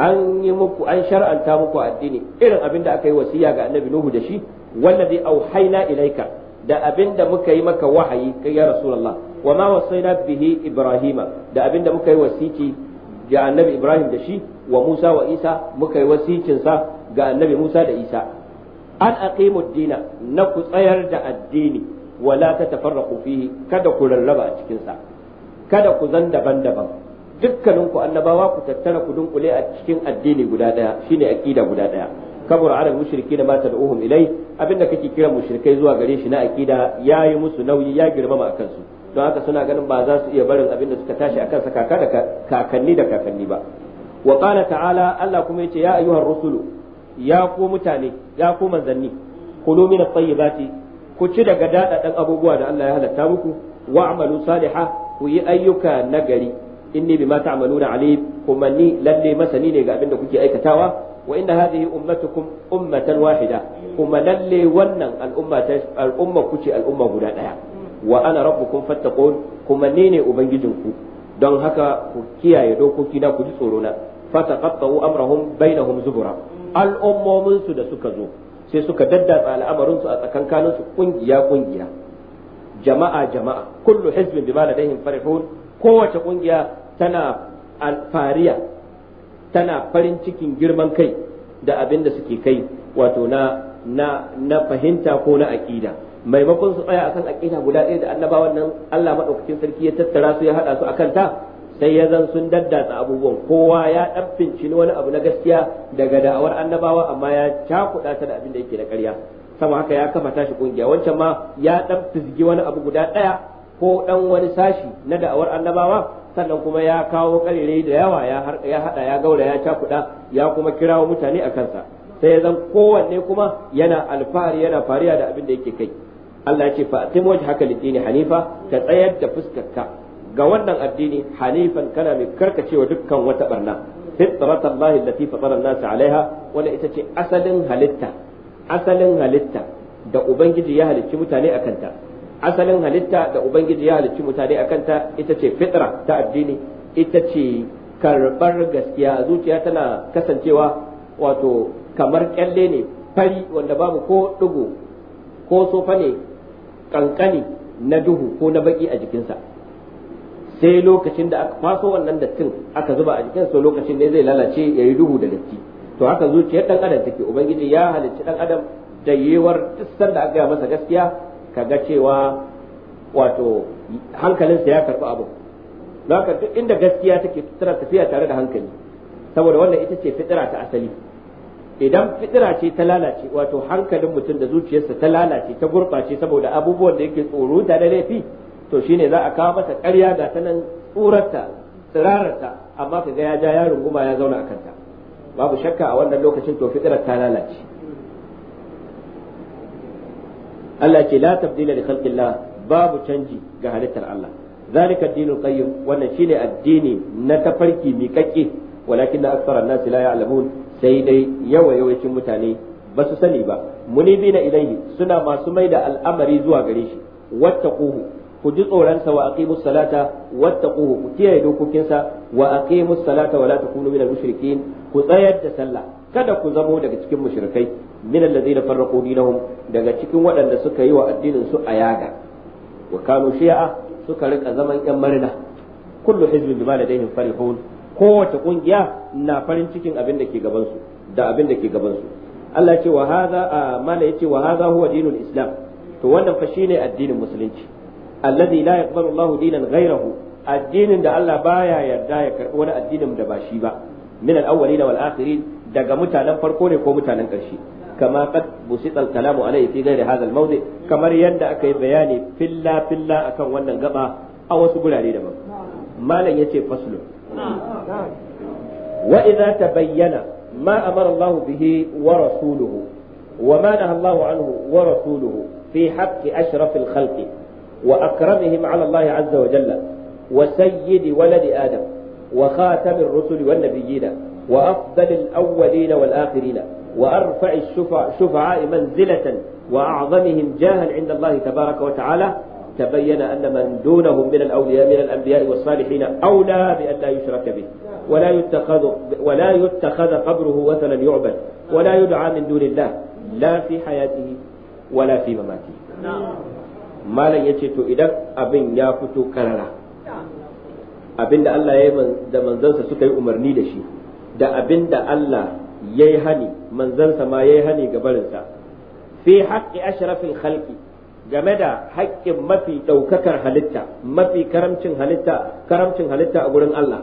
an yi muku an shar'anta muku addini irin abin da aka yi wasiya ga annabi nuhu da shi wallazi auhayna ilaika da abin da muka yi maka wahayi kai ya rasulullah wa ma wasaina bihi ibrahima da abinda muka yi wasiki ga annabi ibrahim da shi wa musa wa isa muka yi wasikin sa ga annabi musa da isa an aqimu dina na ku tsayar da addini wala ta tafarraqu fihi kada ku rarraba a cikin sa kada ku zan daban-daban dukkanin ku annabawa ku tattara ku dunkule a cikin addini guda daya shine aqida guda daya kabur ala mushriki da mata da'uhum ilai abinda kake kira mushrikai zuwa gare shi na aqida yayi musu nauyi ya girmama a kansu. don haka suna ganin ba za su iya barin abin da suka tashi a kansa kaka da kakanni da kakanni ba wa qala ta'ala Allah kuma yace ya ayyuhar rusulu ya ku mutane ya ku manzanni kulu min at ku ci daga dadadan abubuwa da Allah ya halatta muku wa amalu saliha ku yi ayyuka nagari inni bima ta'maluna alim kuma ni lalle masani ne ga abin da kuke aikatawa wa inna hadhihi ummatukum ummatan wahida kuma lalle wannan al'umma al'umma kuce al'umma guda daya wa ana rabbukum fattaqun kuma ne ne ubangijinku don haka ku kiyaye dokoki na ku ji tsoro na fataqattu amrahum bainahum zubura al'ummomin su da suka zo sai suka daddatsa al'amarin su a tsakankanin su kungiya kungiya jama'a jama'a kullu hizbin bima ladaihim farihun kowace kungiya tana alfariya tana farin cikin girman kai da abin da suke kai wato na na fahimta ko na aƙida maimakon su tsaya akan aqida guda ɗaya da annabawan nan Allah madaukakin sarki ya tattara su ya hada su akan ta sai ya zan sun daddatsa abubuwan kowa ya ɗanfinci wani abu na gaskiya daga da'awar annabawa amma ya cakuɗa ta da abin da yake da ƙarya sama haka ya kafa tashi kungiya wancan ma ya ɗan fizgi wani abu guda ɗaya ko ɗan wani sashi na da'awar annabawa sannan kuma ya kawo ƙarirai da yawa ya haɗa ya gaura ya cakuɗa ya kuma kirawo mutane a kansa sai ya zan kowanne kuma yana alfahari yana fariya da abin da yake kai Allah ya ce fa atim wajhaka haka hanifa ka tsayar da fuskarka ga wannan addini hanifan kana mai karkacewa dukkan wata barna fitratallahi allati fatara an-nas 'alaiha wala ita ce asalin halitta asalin halitta da ubangiji ya halicci mutane akan ta asalin halitta da ubangiji ya halicci mutane akan ta ita ce fitra ta addini ita ce karbar gaskiya zuciya tana kasancewa wato kamar kyalle ne fari wanda babu ko ɗigo ko sofa ne kankani na duhu ko na baki a jikinsa sai lokacin da aka faso wannan dattin aka zuba a jikin lokacin ne zai lalace ya yi duhu da datti to haka zuciyar dan adam take ubangiji ya halicci dan adam da yewar tissan da aka yi masa gaskiya kaga cewa wato hankalinsa ya karbi abu haka duk inda gaskiya take tana tafiya tare da hankali saboda wannan ita ce fitira ta asali idan fitira ce ta lalace wato hankalin mutum da zuciyarsa ta lalace ta gurɓace saboda abubuwan da yake tsoro da da laifi to shine za a kawo mata ƙarya ga ta nan tsurarta tsirararta amma kaga ya ja yaron guma ya zauna a kanta babu shakka a wannan lokacin to fitirar ta lalace Allah ce la tabdila li khalqillah babu canji ga halittar Allah zalika dinul qayyim wannan shine addini na tafarki miƙaƙe walakin aktsara an-nasi la ya'lamun sai dai yawa yawancin mutane ba su sani ba munibina ilaihi suna masu mai da al'amari zuwa gare shi wattaquhu ku ji tsoronsa wa aqimus salata wattaquhu ku kiyaye dokokinsa wa aqimus salata wa la takunu minal mushrikin ku tsayar da sallah kada ku zamo daga cikin mushrikai min allazina farraqu dinahum daga cikin waɗanda suka yi wa addinin su ayaga wa kanu shi'a suka rika zaman yan marina kullu hizbin bima ladaihim farihun kowace kungiya na farin cikin abin da ke gabansu da abin da ke gabansu Allah ce wa a mala yace wa hadha huwa dinul islam to wannan fa shine addinin musulunci alladhi la yaqbalu Allah dinan ghayrahu addinin da Allah baya yarda ya karbi wani addinin da ba shi ba min al-awwalin wal akhirin daga mutanen farko ne ko mutanen karshe kama qad busita al-kalamu alayhi fi ghairi hadha al-mawdi kamar yadda aka yi bayani filla filla akan wannan gaba a wasu gurare daban malam yace faslun وإذا تبين ما أمر الله به ورسوله وما نهى الله عنه ورسوله في حق أشرف الخلق وأكرمهم على الله عز وجل وسيد ولد آدم وخاتم الرسل والنبيين وأفضل الأولين والآخرين وأرفع الشفعاء منزلة وأعظمهم جاها عند الله تبارك وتعالى تبين أن من دونهم من الأولياء من الأنبياء والصالحين أولى بأن لا يشرك به ولا يتخذ ولا يتخذ قبره وثنا يعبد ولا يدعى من دون الله لا في حياته ولا في مماته ما لن يجتو إذا أبن يافتو كررا abin da Allah ya yi da manzansa suka yi umarni da shi da abin da Allah ya yi hani manzansa ma ya yi hani ga barinsa fi haƙƙi ashrafil khalqi game da haƙƙin mafi ɗaukakar halitta mafi karamcin halitta karamcin halitta a gurin Allah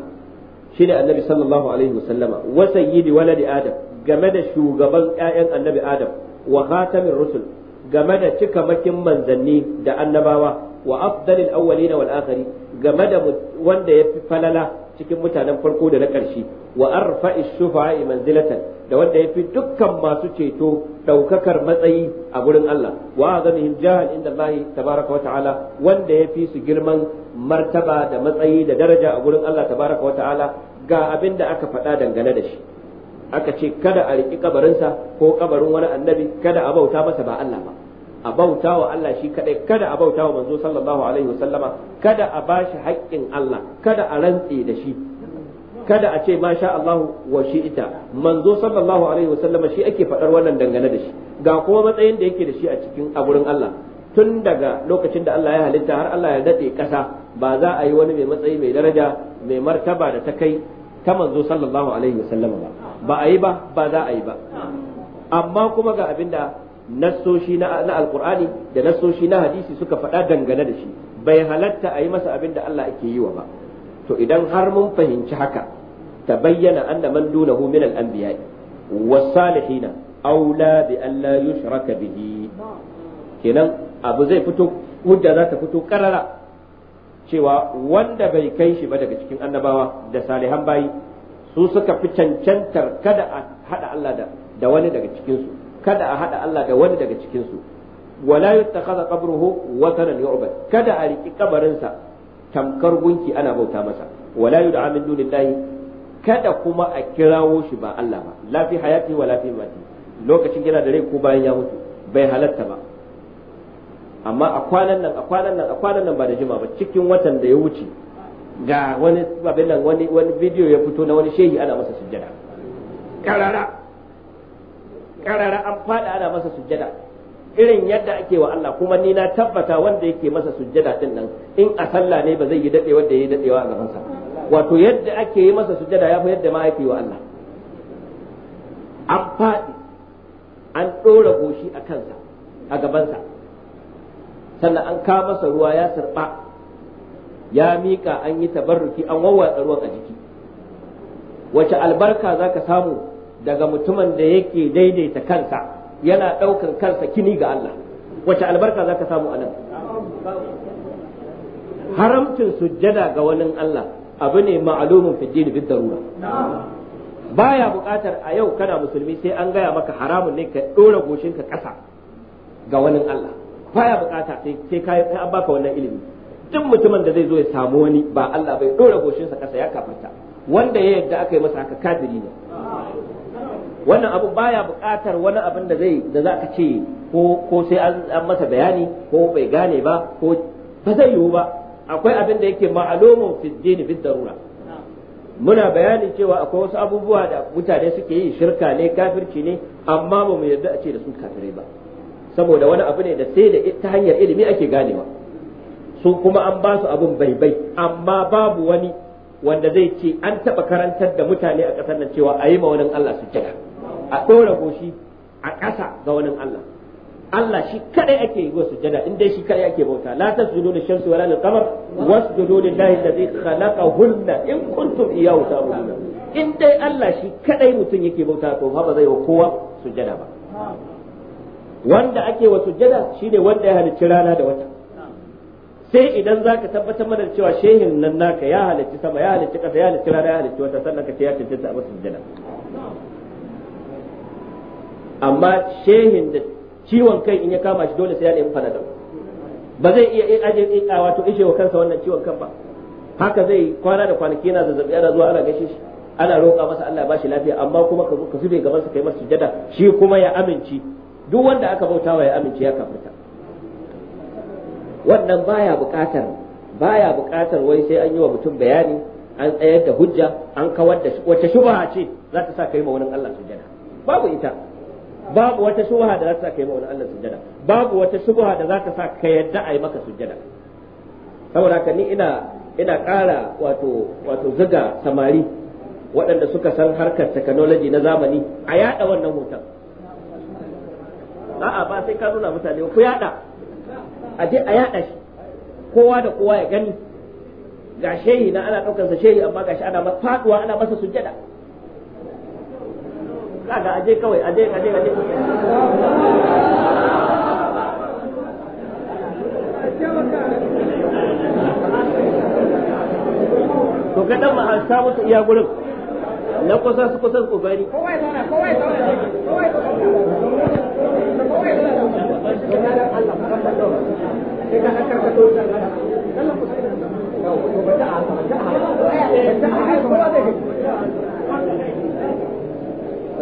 shine annabi sallallahu alaihi wasallama wa sayyidi waladi adam game da shugaban ƴaƴan annabi adam wa khatamin rusul game da cikamakin manzanni da annabawa wa afdalil awwalina wal akhiri game da wanda yafi falala cikin mutanen farko da na ƙarshe wa arfa'i shufa'i manzilatan da wanda yafi dukkan masu ceto ɗaukakar matsayi a gurin Allah wa azamihim jahan inda Allah tabaraka wa ta'ala wanda yafi su girman martaba da matsayi da daraja a gurin Allah tabaraka wa ta'ala ga abin da aka faɗa dangane da shi aka ce kada a riƙi kabarinsa ko kabarin wani annabi kada a bauta masa ba Allah ba a bauta wa Allah shi kadai kada a bauta wa manzo sallallahu alaihi wasallama kada a bashi haƙƙin Allah kada a rantse da shi kada a ce masha Allah wa shi ita manzo sallallahu alaihi wasallama shi ake faɗar wannan dangane da shi ga kuma matsayin da yake da shi a cikin a gurin Allah tun daga lokacin da Allah ya halitta har Allah ya dade ƙasa ba za a yi wani mai matsayi mai daraja mai martaba da ta kai ta manzo sallallahu alaihi wasallama ba ba a yi ba ba za a yi ba amma kuma ga abinda nassoshi na alkur'ani da nassoshi na hadisi suka faɗa dangane da shi bai halatta a yi masa abin da Allah ake yi wa ba to idan har mun fahimci haka ta bayyana anna man dunahu min al-anbiya wa salihina aula bi an la yushraka bihi kenan abu zai fito hujja za ta fito karara cewa wanda bai kai shi ba daga cikin annabawa da salihan bayi su suka fi cancantar kada a hada Allah da wani daga cikinsu kada a haɗa Allah da wani daga cikin su wala yattakhadha qabruhu watanan yu'bad kada a riki kabarinsa tamkar gunki ana bauta masa wala yud'a min dunillahi kada kuma a kirawo shi ba Allah ba la fi hayati wala fi mati lokacin yana da rai ko bayan ya mutu bai halatta ba amma a kwanan nan a kwanan nan a kwanan nan ba da jima ba cikin watan da ya wuce ga wani abin nan wani wani bidiyo ya fito na wani shehi ana masa sujjada karara karara an fada ana masa sujjada irin yadda ake wa Allah kuma ni na tabbata wanda yake masa sujjada din nan in a sallah ne ba zai yi dade wanda yayi dadewa a gaban sa wato yadda ake yi masa sujjada yafi yadda ma ake wa Allah an faɗi an dora goshi a kansa a gaban sa sannan an ka masa ruwa ya sarba ya miƙa an yi tabarruki an wawwatsa ruwan a jiki wace albarka zaka samu daga mutumin da yake daidaita kansa yana ɗaukan kansa kini ga Allah wace albarka za ka samu a nan haramcin sujjada ga wani Allah abu ne ma'alumin fiddin bid darura baya buƙatar a yau kana musulmi sai an gaya maka haramun ne ka ɗora goshinka ƙasa ga wani Allah baya buƙata sai kai an baka wannan ilimi duk mutumin da zai zo ya samu wani ba Allah bai ɗora goshinsa ƙasa ya kafarta wanda ya yadda aka yi masa haka kafiri ne wannan abu baya buƙatar wani abin da zai da za ka ce ko sai an masa bayani ko bai gane ba ko ba zai yiwu ba akwai abin da yake ma'alomo fi dini darura muna bayani cewa akwai wasu abubuwa da mutane suke yi shirka ne kafirci ne amma ba mu yarda a ce da su kafirai ba saboda wani abu ne da sai da ta hanyar ilimi ake ganewa su kuma an ba su bai-bai. amma babu wani wanda zai ce an taɓa karantar da mutane a ƙasar nan cewa a yi ma wani Allah su jira a ɗora goshi a ƙasa ga wani Allah Allah shi kadai ake yi wa sujada in dai shi kadai ake bauta la tasjudu da shamsi wala lil qamar wasjudu lillahi alladhi khalaqahunna in kuntum iyyahu ta'budun in dai Allah shi kadai mutum yake bauta to fa ba zai wa kowa sujada ba wanda ake wa sujada shine wanda ya halicci rana da wata sai idan za ka tabbatar mana cewa shehin nan naka ya halicci sama ya halicci ƙasa ya halicci rana ya halicci wata sannan ka ce ya cancanta a masu sujada amma shehin da ciwon kai in ya kama shi dole sai ya nemi fanadol ba zai iya eh, aje eh, a wato ishe wa kansa wannan ciwon kan ba haka zai kwana da kwanaki yana zazzabi ana zuwa ana gaishe shi ana roƙa masa Allah ya bashi lafiya amma kuma ka ka zube gaban sa kai masa sujada shi kuma ya amince duk wanda aka bautawa ya amince ya kafirta wannan baya buƙatar baya buƙatar wai sai an yi wa mutum bayani an tsayar da hujja an kawar da wata shubha ce za ta sa kai ma wani Allah sujada babu ita babu wata shubha da za ta kai yi wani Allah sujjada babu wata shubha da za ta sa ka yadda a yi maka sujjada saboda haka ni ina ina ƙara wato wato zuga samari waɗanda suka san harkar technology na zamani a yada wannan hoton a'a ba sai ka nuna mutane ku yada a je a yada shi kowa da kowa ya gani ga shehi na ana sa shehi amma ga shi ana faduwa ana masa sujjada kaga aje kawai aje aje aje to ka dan mahalta musu iya gurin na kusa su kusa su bari kowai zauna kowai zauna kowai zauna kowai zauna Allah ka karkato sai ka karkato sai ka Allah ku sai ka ba ta a ba ta a ba ta a す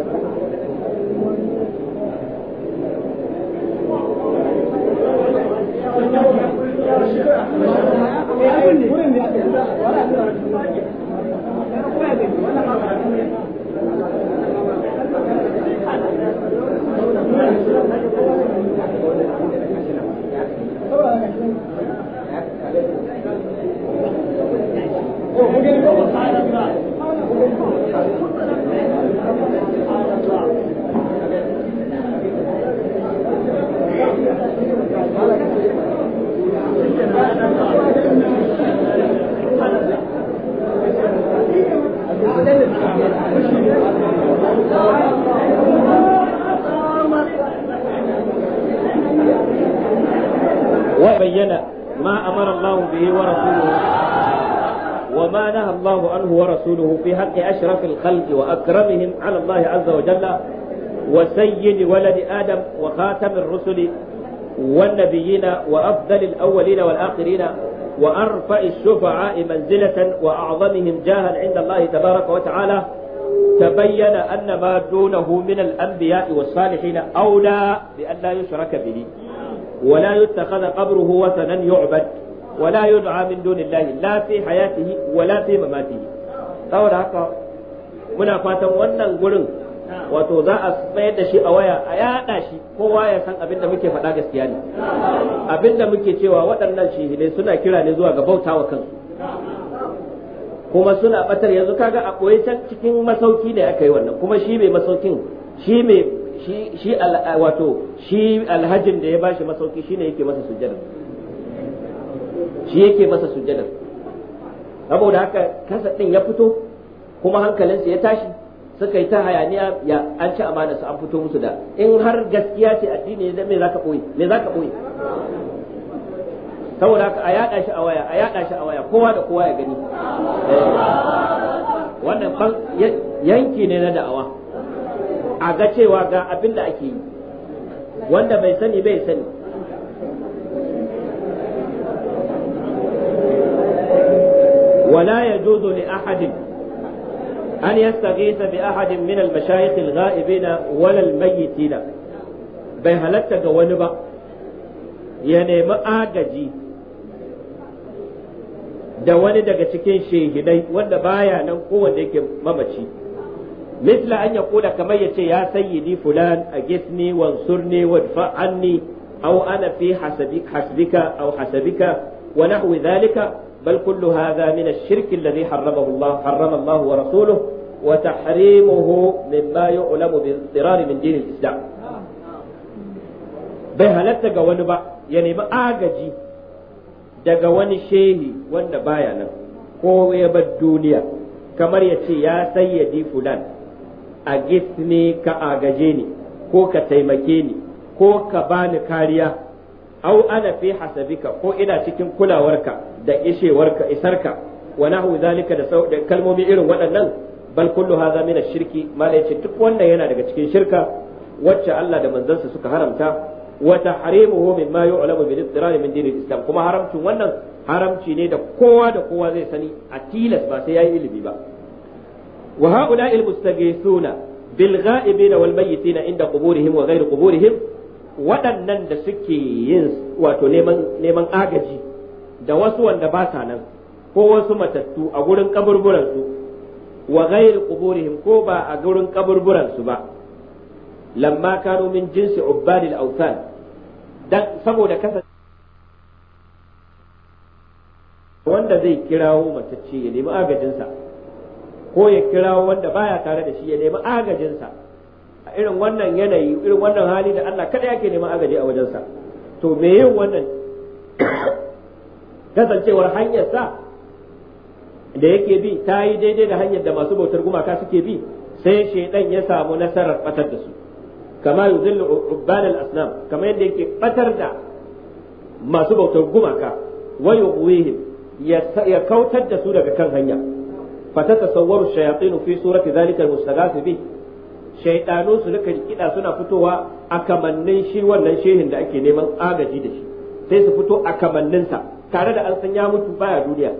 ごい عز وجل وسيد ولد آدم وخاتم الرسل والنبيين وأفضل الأولين والآخرين وأرفع الشفعاء منزلة وأعظمهم جاها عند الله تبارك وتعالى تبين أن ما دونه من الأنبياء والصالحين أولى بأن لا يشرك به ولا يتخذ قبره وثنا يعبد ولا يدعى من دون الله لا في حياته ولا في مماته قول هكا muna وانا wannan wato za a tsayar da shi a waya a yada shi kowa ya san abin da muke faɗa gaskiya ne abin da muke cewa waɗannan shehidai suna kira ne zuwa ga wa kansu kuma suna batar yanzu kaga a ɓoye can cikin masauki ne aka yi wannan kuma shi mai masaukin shi mai shi wato shi alhajin da ya bashi masauki shine yake masa sujjada shi yake masa sujjada saboda haka kasa din ya fito kuma hankalinsa ya tashi suka yi ta hayaniya ya an ci amana su an fito musu da in har gaskiya ce addini ne me zaka boye me zaka boye saboda ka a shi a waya a shi a waya kowa da kowa ya gani eh, wannan ban yanki ne na da'awa a ga cewa ga abin da ake yi wanda bai sani bai sani ولا يجوز لأحد an yastaghitha bi ahadin min al-mashayikh al-ghaibin wal al-mayyitin bai halarta ga wani ba ya nemi agaji da wani daga cikin shehidai wanda baya nan ko wanda yake mamaci misla an ya kula kamar ya ce ya sayyidi fulan a gisni wansurni wadfa anni aw ana fi hasbika aw hasabika wa nahwi dhalika بل كل هذا من الشرك الذي حرمه الله حرم الله ورسوله وتحريمه مما يعلم بالاضطرار من دين الإسلام bai halarta ga wani ba ya nemi daga wani shehi wanda baya nan ko ya bar duniya kamar ya ce ya sayyadi fulan a ne ka agaje ni ko ka taimake ni ko ka bani kariya au ana fi hasabika ko ina cikin kulawarka da ishewarka isarka wa nahu zalika da kalmomi irin waɗannan bal kullu hadha min ash-shirki malai ce duk wannan yana daga cikin shirka wacce Allah da manzansa suka haramta wa tahrimuhu mimma yu'lamu bil idrar min dinil islam kuma haramcin wannan haramci ne da kowa da kowa zai sani a tilas ba sai yayi ilimi ba wa ha'ula'i al-mustaghithuna bil gha'ibina wal mayyitina inda quburihim wa ghairi quburihim waɗannan da suke yin wato neman agaji da wasu wanda ba sa nan ko wasu matattu a gurin kaburburan su wa ghairi quburihim ko ba a gurin kaburburan su ba lamma kanu min jinsi ubbadil awthan dan saboda kasa wanda zai kirawo matacce ya nemi agajinsa ko ya kirawo wanda baya tare da shi ya nemi agajinsa a irin wannan yanayi irin wannan hali da Allah kada yake neman agaji a wajensa to me yin wannan kasancewar hanyar sa da yake bi ta yi daidai da hanyar da masu bautar gumaka suke bi sai shaidan ya samu nasarar batar da su kama yuzillu rubban al-asnam kama yadda yake batar da masu bautar gumaka wa yughwihim ya kautar da su daga kan hanya tasawwaru shayatin fi surati zalika al-mustaghath bi shaydanu su rika kida suna fitowa a kamannin shi wannan shehin da ake neman agaji da shi sai su fito a kamanninsa sa tare da an san ya mutu baya duniya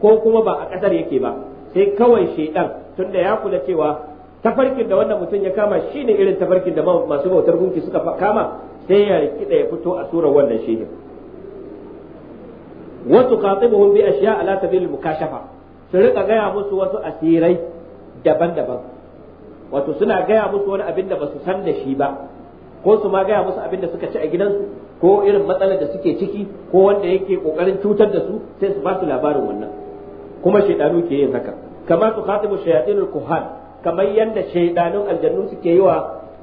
ko kuma ba a ƙasar yake ba sai kawai shaidan tunda ya kula cewa tafarkin da wannan mutum ya kama shine irin tafarkin da masu bautar gunki suka kama sai ya kida ya fito a surar wannan shehin wasu qatibuhum bi ashiya ala sabil mukashafa su rika gaya musu wasu asirai daban-daban wato suna gaya musu wani abin da basu san da shi ba ko su ma gaya musu abin da suka ci a gidansu ko irin matsalar da suke ciki ko wanda yake kokarin cutar da su sai su ba su labarin wannan kuma shaidanu ke yin haka kamar su khatibu shayatinul kuhan kamar yadda shaidanun aljannu suke yi wa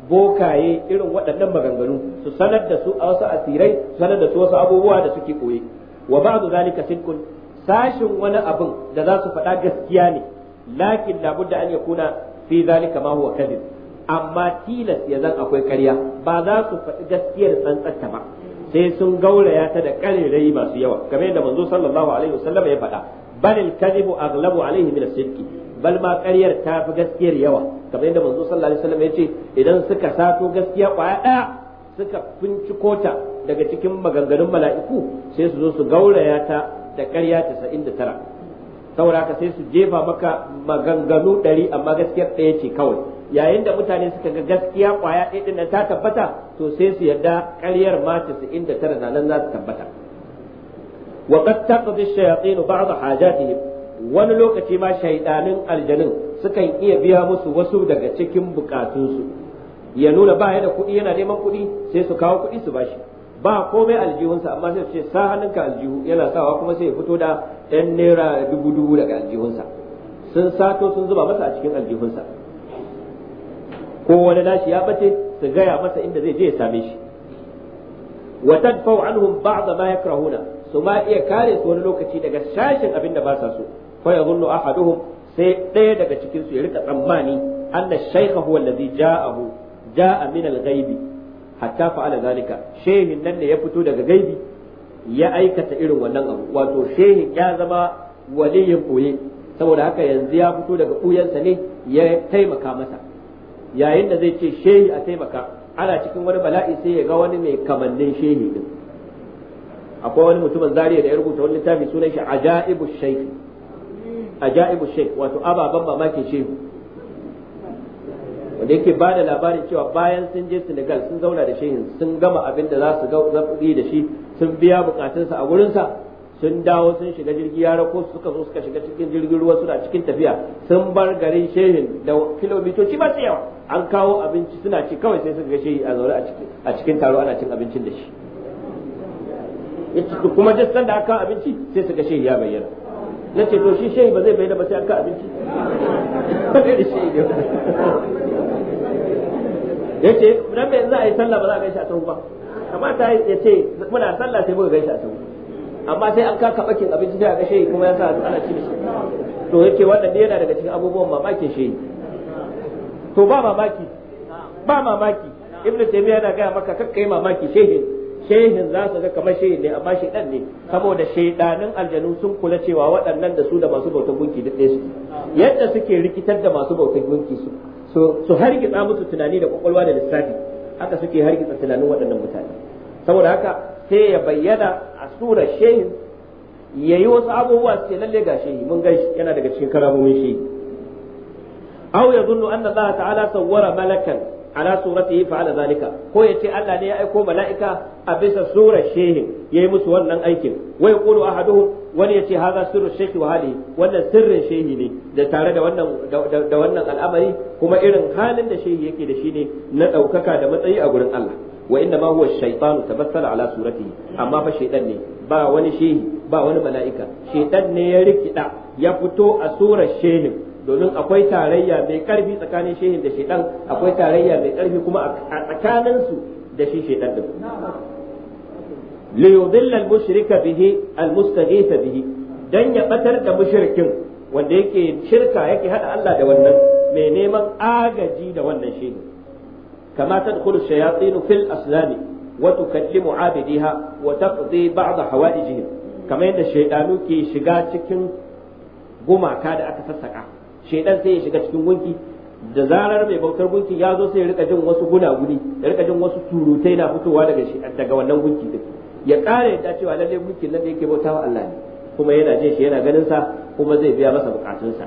bokaye irin waɗannan maganganu su sanar da su a wasu asirai su sanar da su wasu abubuwa da suke koyi wa ba'du zalika sidqun sashin wani abin da za su faɗa gaskiya ne lakin labudda an yakuna fi zalika ma huwa kadhib amma tilas ya zan akwai karya ba za su faɗi gaskiyar tsantsatta ba sai sun gauraya ta da ƙarirai masu yawa game yadda manzo sallallahu alaihi wasallam ya faɗa balil kadhibu aghlabu alaihi min as-sidqi bal ma ƙaryar ta fi gaskiyar yawa kamar yadda manzo sallallahu alaihi wasallam ya ce idan suka sato gaskiya kwaya ɗaya suka finciko ta daga cikin maganganun mala'iku sai su zo su gauraya ta da ƙarya 99 saboda haka sai su jefa maka maganganu ɗari amma gaskiyar ɗaya ce kawai yayin da mutane suka ga gaskiya kwaya ɗaya din ta tabbata to sai su yarda ƙaryar ma da na nan za su tabbata wa qad taqdi shayatin ba'd hajatihim wani lokaci ma shaidanin aljanin sukan iya biya musu wasu daga cikin bukatunsu ya nuna ba da kuɗi yana neman kuɗi sai su kawo kuɗi su bashi ba komai aljihunsa amma sai su ce sa hannunka aljihu yana sawa kuma sai ya fito da ɗan naira dubu dubu daga aljihunsa sun sato sun zuba masa a cikin aljihunsa ko wani nashi ya bace su gaya masa inda zai je ya same shi wa tadfa'u anhum ba'd ma yakrahuna su ma iya kare su wani lokaci daga sashin abin da ba sa so fa yadhunnu ahaduhum sai ɗaya daga cikin su ya rika tsammani anna shaykha huwa allazi ja'ahu ja'a min al-ghaibi hatta fa'ala zalika shehin nan ne ya fito daga gaibi ya aikata irin wannan abu wato shehin ya zama waliyin boye saboda haka yanzu ya fito daga ɓuyansa ne ya taimaka masa yayin da zai ce shehi a taimaka ana cikin wani bala'i sai ya ga wani mai kamannin shehi din akwai wani mutumin zariya da ya rubuta wani littafi sunan shi ajaibu shehi ajaibu shehi wato ababan mamakin shehu wanda yake ba da labarin cewa bayan sun je Senegal sun zauna da shehin sun gama abin da za su yi da shi sun biya bukatunsa a gurinsa sun dawo sun shiga jirgi ya rako suka zo suka shiga cikin jirgin ruwa suna cikin tafiya sun bar garin shehin da kilomitoci masu yawa an kawo abinci suna ci kawai sai suka ga shehi a zaune a cikin taro ana cin abincin da shi kuma duk sanda aka abinci sai suka shehi ya bayyana na ce to shi shehi ba zai bayyana ba sai aka abinci ya ce dan me za a yi sallah ba za a gaishe a tahu ba kamata ya ce muna sallah sai muka gaishe a tahu amma sai an kaka bakin abinci da ya ga shehi kuma ya sa ana ci da shi to yake wannan yana daga cikin abubuwan mamakin shehi to ba mamaki ba mamaki ibnu taymiya yana ga maka kakkai mamaki shehin shehin za su ga kamar shehin ne amma shedan ne saboda shedanin aljanu sun kula cewa waɗannan da su da masu bautar gunki duk ɗaya su yadda suke rikitar da masu bautar gunki su su hargitsa musu tunani da kwakwalwa da lissafi haka suke hargitsa tunanin waɗannan mutane saboda haka sai ya bayyana a sura shehi ya yi wasu abubuwa su ce lalle ga shehi mun gaishe yana daga cikin karamomin shehi aw ya zunnu anna Allah ta'ala sawwara malakan ala suratihi fa ala zalika ko ya ce Allah ne ya aiko mala'ika a bisa surar shehin yayi musu wannan aikin wai qulu ahaduhum wani ya ce haza sirru shehi wa hali wannan sirrin shehi ne da tare da wannan da wannan al'amari kuma irin halin da shehi yake da shi ne na daukaka da matsayi a gurin Allah wa inna ma huwa shaytanu tabassala ala suratihi amma fa shaiɗan ne ba wani shehi ba wani mala'ika shaiɗan ne ya rikiɗa ya fito a surar shehin domin akwai tarayya mai karfi tsakanin shehin da shaytan akwai tarayya mai karfi kuma a tsakanin su da shi shaytan din liyudilla al-mushrika bihi al-mustaghitha bihi dan ya batar da mushrikin wanda yake shirka yake haɗa Allah da wannan mai neman agaji da wannan shehin كما تدخل الشياطين في الأسلام وتكلم عابديها وتقضي بعض حوائجهم كما أن الشيطان كي شقا da قما كاد أكسسكا شيطان سي shiga cikin gumaka da zarar mai bautar gunki ya zo sai ya rika jin wasu gunaguni ya rika jin wasu surutai na fitowa daga daga wannan gunki din ya kare da cewa lalle gunkin nan yake bautawa Allah ne kuma yana jin shi yana ganin sa kuma zai biya masa bukatunsa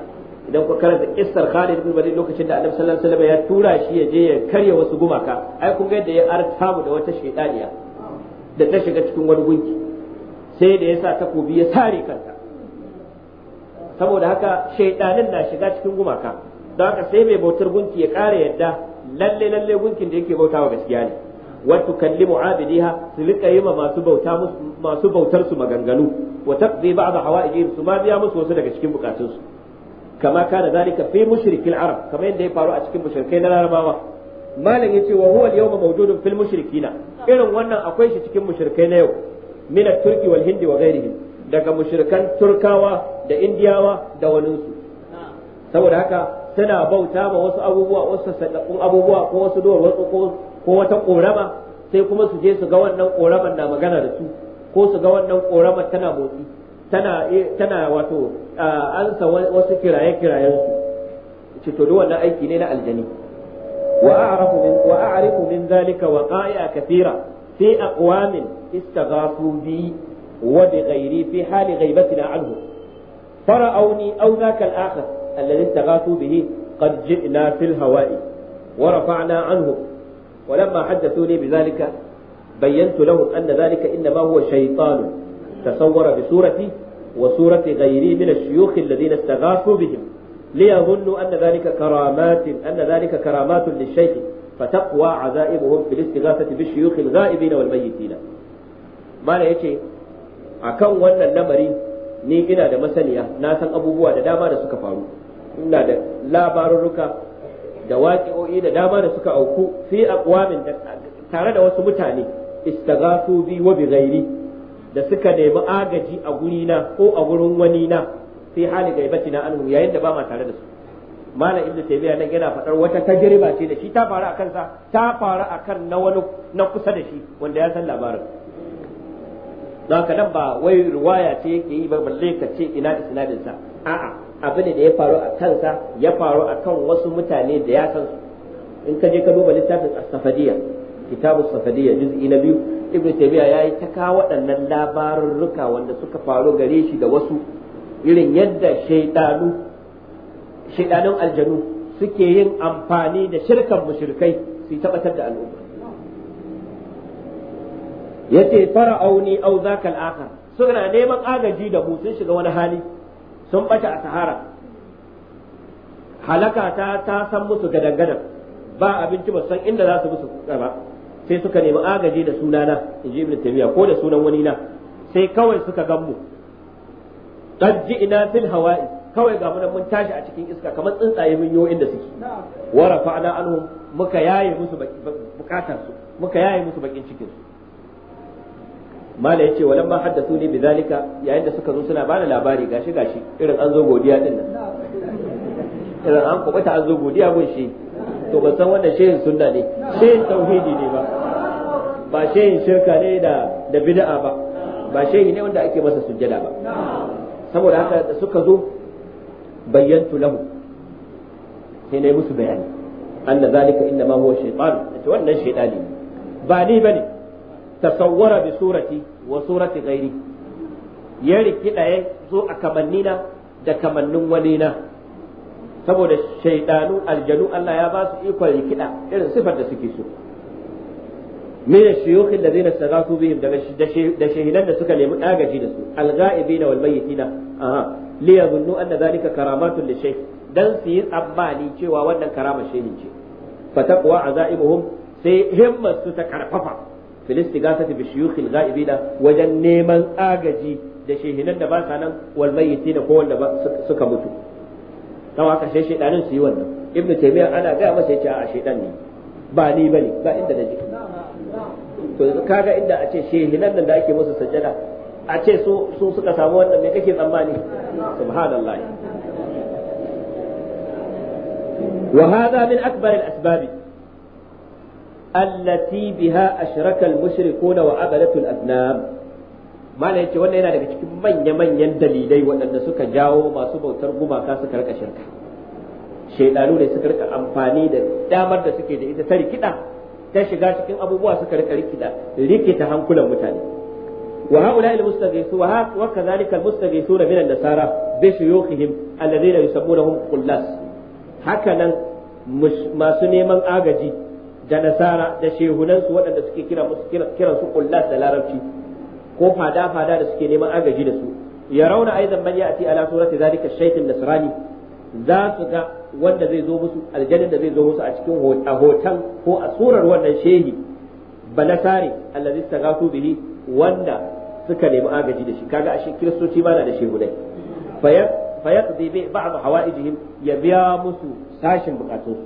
idan ku karanta kissar Khalid bin Walid lokacin da Annabi sallallahu alaihi wasallam ya tura shi ya je ya karya wasu gumaka ai kun ga yadda ya arta mu da wata shaydaniya da ta shiga cikin wani gunki sai da ya sa takobi ya sare kanta saboda haka shaydanin na shiga cikin gumaka don haka sai mai bautar gunki ya ƙara yadda lalle lalle gunkin da yake bautawa gaskiya ne wa tukallimu abidiha su rika yi masu bauta masu bautar su maganganu wa taqdi ba'd hawaijihim su ma biya musu wasu daga cikin bukatunsu kama da zalika fi mushrikil arab kamar yadda ya faru a cikin mushrikai na larabawa malam yace wa huwa al-yawma mawjudun fil mushrikina irin wannan akwai shi cikin mushrikai na yau min at-turki wal hindi wa daga mushrikan turkawa da indiyawa da waninsu saboda haka suna bauta ma wasu abubuwa wasu sadakkun abubuwa ko wasu dole wasu ko wata korama sai kuma su je su ga wannan koraban na magana da su ko su ga wannan koraman tana motsi tana tana wato ansa wasu kiraye kirayen su ce to duk wannan aiki ne na aljani wa a'rafu min wa a'rifu min zalika waqa'i'a kathira fi aqwamin istaghafu bi wa bi ghairi fi hali ghaibatina anhu fara'awni aw dhaka al-akhar alladhi istaghafu bihi qad ji'na fil hawa'i ورفعنا عنهم ولما حدثوني بذلك بينت لهم أن ذلك إنما هو شيطان تصور بصورتي وصورة غيري من الشيوخ الذين استغاثوا بهم ليظنوا أن ذلك كرامات أن ذلك كرامات للشيخ فتقوى عذائبهم في الاستغاثة بالشيوخ الغائبين والميتين ما لا يشي akan wannan lamari ni ina da masaniya na san abubuwa da dama da suka faru ina da labarurruka da waƙi'o'i da dama da suka auku fi aqwamin tare da wasu mutane istaghathu bi wa bi da suka nemi agaji a gurina ko a gurin wani na sai hali gaibati na anhu yayin da ba ma tare da su malam ibnu taymiya nan yana faɗar wata tajriba ce da shi ta faru akan sa ta faru akan na wani na kusa da shi wanda ya san labarin don nan ba wai riwaya ce yake yi ba balle ka ce ina isnadin sa a'a abin da ya faru a kansa ya faru akan wasu mutane da ya san su in ka je ka duba littafin as-safadiyya kitabu safadiyya juz'i na biyu ibn tabiya yayi ta kawo waɗannan labarurruka wanda suka faru gare shi da wasu irin yadda shaidanu shaidanun aljanu suke yin amfani da shirkan mushrikai su tabbatar da al'umma yace fara'auni au zakal akhar suna neman agaji da mu sun shiga wani hali sun bata a sahara halaka ta ta san musu gadan gadan ba abinci ba san inda za su musu ba sai suka nemi agaji da sunana in ji ibn taymiya ko da sunan wani na sai kawai suka gan mu. qad ji'na fil hawa'i kawai ga mun tashi a cikin iska kamar tsuntsaye mun yo inda suke wa rafa'na anhum muka yaye musu bukatar su muka yaye musu bakin cikin su mala yace walan ma haddathu ni bidhalika yayin da suka zo suna bani labari gashi gashi irin an zo godiya din nan irin an kubuta an zo godiya gun shi to ban san wannan shehin sunna ne shehin tauhidi ne ba ba shehin shirka ne da da bid'a ba ba shehi ne wanda ake masa sujjada ba saboda haka da suka zo bayyantu lahu sai na yi musu bayani anna zalika inna ma huwa shaytan ita wannan shaytani ba ni ba ne tasawwara bi surati wa surati ghairi ya rikida ya zo a kamannina da kamannin wani na saboda shaidanun aljanu Allah ya ba su ikon rikida irin sifar da suke so min ash-shuyukh alladhina saghathu bihim da shahidan da suka nemi agaji da su al-ghaibina wal mayyitina aha li yadhunnu anna dhalika karamatun lishaykh dan su yi tsammani cewa wannan karama shehi ce fa taqwa azaimuhum sai himmar su ta karfafa fil istighathati bi shuyukh ghaibina wajen neman agaji da shehinan da ba sa nan wal mayyitina ko wanda suka mutu don haka sai shaidanin su yi wannan ibn taymiya ana ga masa yace a shaidan ne ba ni bane ba inda na ji to kaga inda a ce shehinan nan da ake musu sajjada, a ce su su suka samu wannan me kake tsammani subhanallah وهذا من أكبر الأسباب التي بها أشرك المشركون وعبدة الأذناب mala yake wannan yana daga cikin manya-manyan dalilai waɗanda suka jawo masu bautar gumaka suka rika shirka shaidanu ne suka rika amfani da damar da suke da ita ta rikida ta shiga cikin abubuwa suka rika rikida rikita hankulan mutane wa haula al mustaghisu wa wa kadhalika al mustaghisuna min an nasara bi shuyukhihim alladhina yusammuna qullas haka nan masu neman agaji da nasara da shehunansu waɗanda suke kira kiran su qullas da larabci ko fada fada da suke neman agaji da su ya rauna aidan man ya'ti ala surati zalika shaytan nasrani za su ga wanda zai zo musu aljanna da zai zo musu a cikin hoton ko a surar wannan shehi balasare allazi tagatu bihi wanda suka nemi agaji da shi kaga ashe kiristoci ba na da shehunai fa a bi ba'd hawaijihim ya biya musu sashin bukatunsu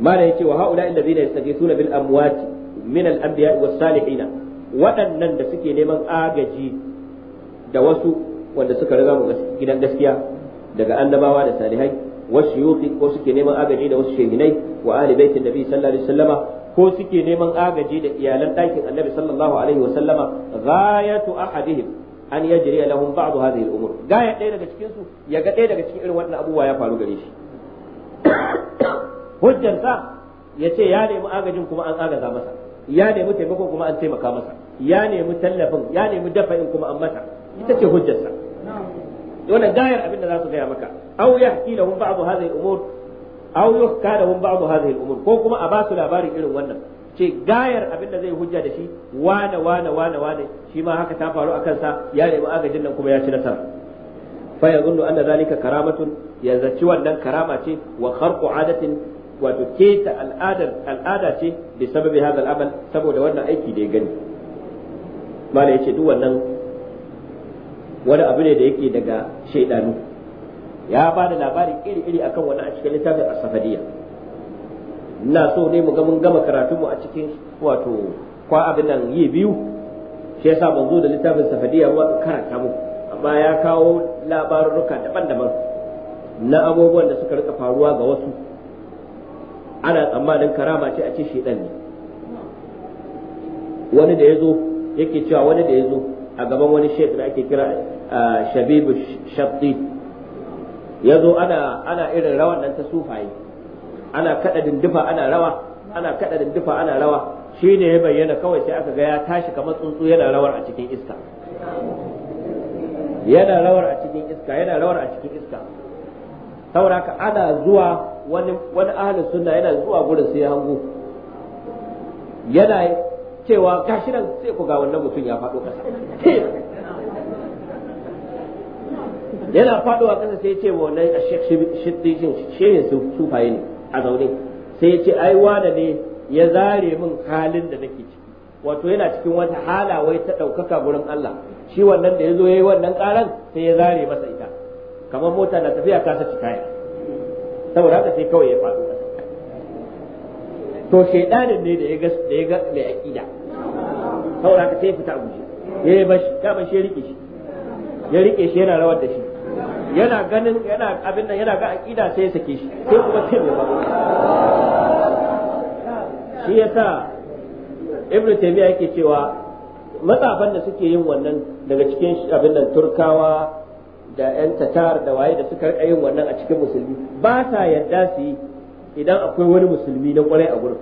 mala yace wa haula alladhina suna bil amwati min al-anbiya salihina waɗannan da suke neman agaji da wasu wanda suka riga mu gidan gaskiya daga annabawa da salihai wasu yuqi ko suke neman agaji da wasu shehinai wa ahli baitin nabi ko suke neman agaji da iyalan ɗakin annabi sallallahu alaihi wasallama ghayatu ahadihim an yajri lahum ba'd hadhihi al-umur gaya ɗaya daga cikin su ya ga ɗaya daga cikin irin waɗannan abubuwa ya faru gare shi hujjar sa yace ya nemi agajin kuma an agaza masa ya nemi taimakon kuma an taimaka masa ya nemi tallafin ya nemi dafa'in kuma an mata ita ce hujjarsa wannan gayar abin da za su gaya maka aw da lahum ba'd hadhihi umur aw yuhka hadhihi umur ko kuma a ba su labarin irin wannan ce gayar abin da zai hujja da shi wane wane wane wane shi ma haka ta faru a kansa ya nemi agajin nan kuma ya ci nasara fa yazunnu anna zalika karamatun ya zaci wannan karama ce wa kharqu adatin wato keta al'adar al'ada ce da sababi hadha al'amal saboda wannan aiki da ya gani mala yace duk wannan wani abu ne da yake daga shaidanu ya ba da labari iri-iri akan wani a cikin littafin asafadiya ina so ne mu ga mun gama karatunmu a cikin wato kwa abin nan yi biyu shi yasa ban zo da littafin safadiya ba karanta mu amma ya kawo labarurruka daban-daban na abubuwan da suka rika faruwa ga wasu ana tsammanin karama ce a ce ɗan ne wani da ya zo yake cewa wani da ya zo a gaban wani sheikh da ake kira shabibu shatti ya zo, ana irin rawan nan ta sufaye ana kada dindufa ana rawa ana kada dindufa ana rawa shi ne ya bayyana kawai sai aka ga ya tashi kamar tsuntsu yana rawar a cikin iska yana rawar a cikin iska yana rawar a cikin iska saboda ana zuwa wani wani ahli sunna yana zuwa gurin sai hango yana cewa gashi nan sai ku ga wannan mutum ya faɗo ƙasa yana faɗowa ƙasa sai ce wa wannan shittishin shehin sufaye ne a zaune sai ya ce ai wane ne ya zare min halin da nake ciki wato yana cikin wata halawai ta ɗaukaka gurin Allah shi wannan da ya zo ya yi wannan ƙaran sai ya zare masa ita kamar mota na tafiya kasa cikaya saboda haka sai kawai ya faɗo to shaidanin ne da ya ga da ya ga mai aqida saboda haka sai ya fita guje yi bashi bashi shi rike shi ya rike shi yana rawar da shi yana ganin yana abin nan yana ga aqida sai ya sake shi sai kuma sai mai faɗo shi yasa ibnu taymiya yake cewa matsafan da suke yin wannan daga cikin abin nan turkawa da yan tatar da waye da suka rika yin wannan a cikin musulmi ba sa yadda su yi idan akwai wani musulmi na kwarai a gurin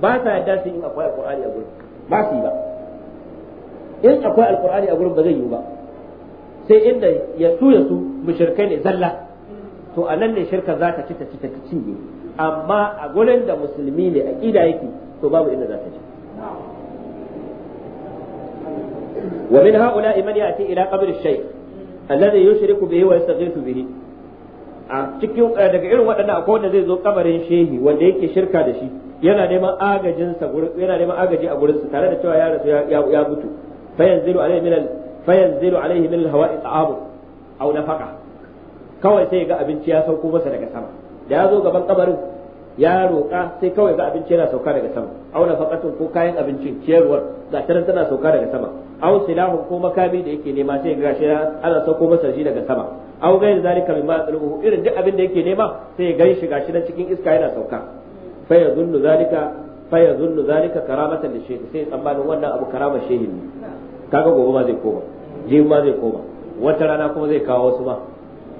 ba sa yadda su yi in akwai alqur'ani a gurin ba su yi ba in akwai alqur'ani a gurin ba zai yi ba sai inda ya su ya su mushirkai ne zalla to a nan ne shirka za ta ci ta ci ta cinye amma a gurin da musulmi ne aqida yake to babu inda za ta ci ومن هؤلاء من يأتي إلى قبر الشيخ alladhi yushriku bihi wa yastaghithu bihi a cikin eh, daga irin waɗannan akwai wanda zai zo kabarin shehi wanda yake shirka da shi yana neman agajin sa yana neman agaji a gurin sa tare da cewa ya rasu ya mutu yanzilu alayhi min fa yanzilu alayhi min alhawa'i ta'abu aw nafaqa kawai sai ga abinci ya sauko masa daga sama da ya zo gaban kabarin ya roƙa sai kawai ga abinci yana sauka daga sama aw nafaqatun ko kayan abincin ciyarwar ga tana sauka daga sama aw silahu ko makami da yake nema sai ga shi ana sauko masa shi daga sama aw gairi zalika mimma yatluhu irin duk abin da yake nema sai ya gaishe shi nan cikin iska yana sauka fa yazunnu zalika fa yazunnu zalika karamatan lishaykh sai tsammanin wannan abu karama shehin ne kaga gobe ma zai koma jibi ma zai koma wata rana kuma zai kawo wasu ma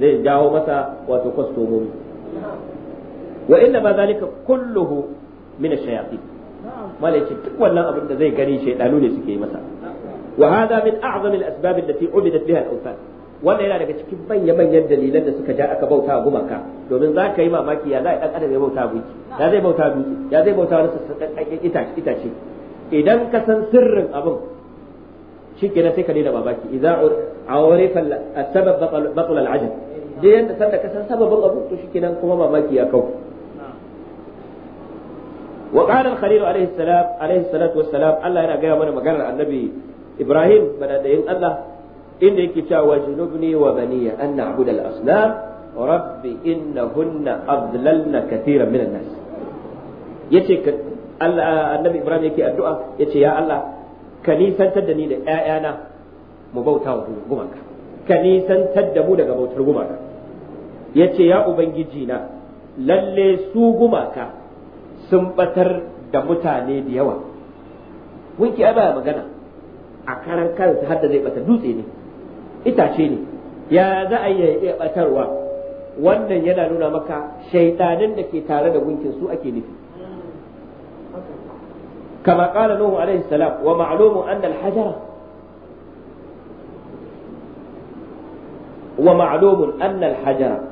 zai jawo masa wato kwastomomi wa inna ma zalika kulluhu min ash-shayatin malaikin duk wannan abin da zai gani shaydanu ne suke yi masa wa hadha min a'zami al-asbab allati ubidat biha al-awthan wannan yana daga cikin manyan manyan dalilan da suka ja aka bauta gumaka domin za ka yi mamaki ya za a dan adam ya bauta gunki ya zai bauta gunki ya zai bauta wani sassaƙaƙƙen itace itace idan ka san sirrin abin shikenan sai ka daina mamaki idza awrifa as-sabab baqul al-ajab dai yanda sanda ka san shikenan kuma وقال الخليل عليه السلام عليه الصلاة والسلام الله يرى جاء من النبي ibrahim badadayin allah inda yake cewa junubni wa baniya an na'budu al-asnam rabbi innahunna adlalna katiran min an-nas yace Allah annabi ibrahim yake addu'a yace ya Allah ka nisantar ni da ƴaƴana mu bauta wa gumaka ka nisantar da mu daga bautar gumaka yace ya ubangiji na lalle su gumaka sun batar da mutane da yawa gunki ana magana a karan kansa hadda zai bata dutse ne itace ne ya za a iya batarwa wannan yana nuna maka shaidanin da ke tare da gunkin su ake nufi kama kala nuhu alaihi salam wa ma'lumu anna al-hajara wa ma'lumun anna al-hajara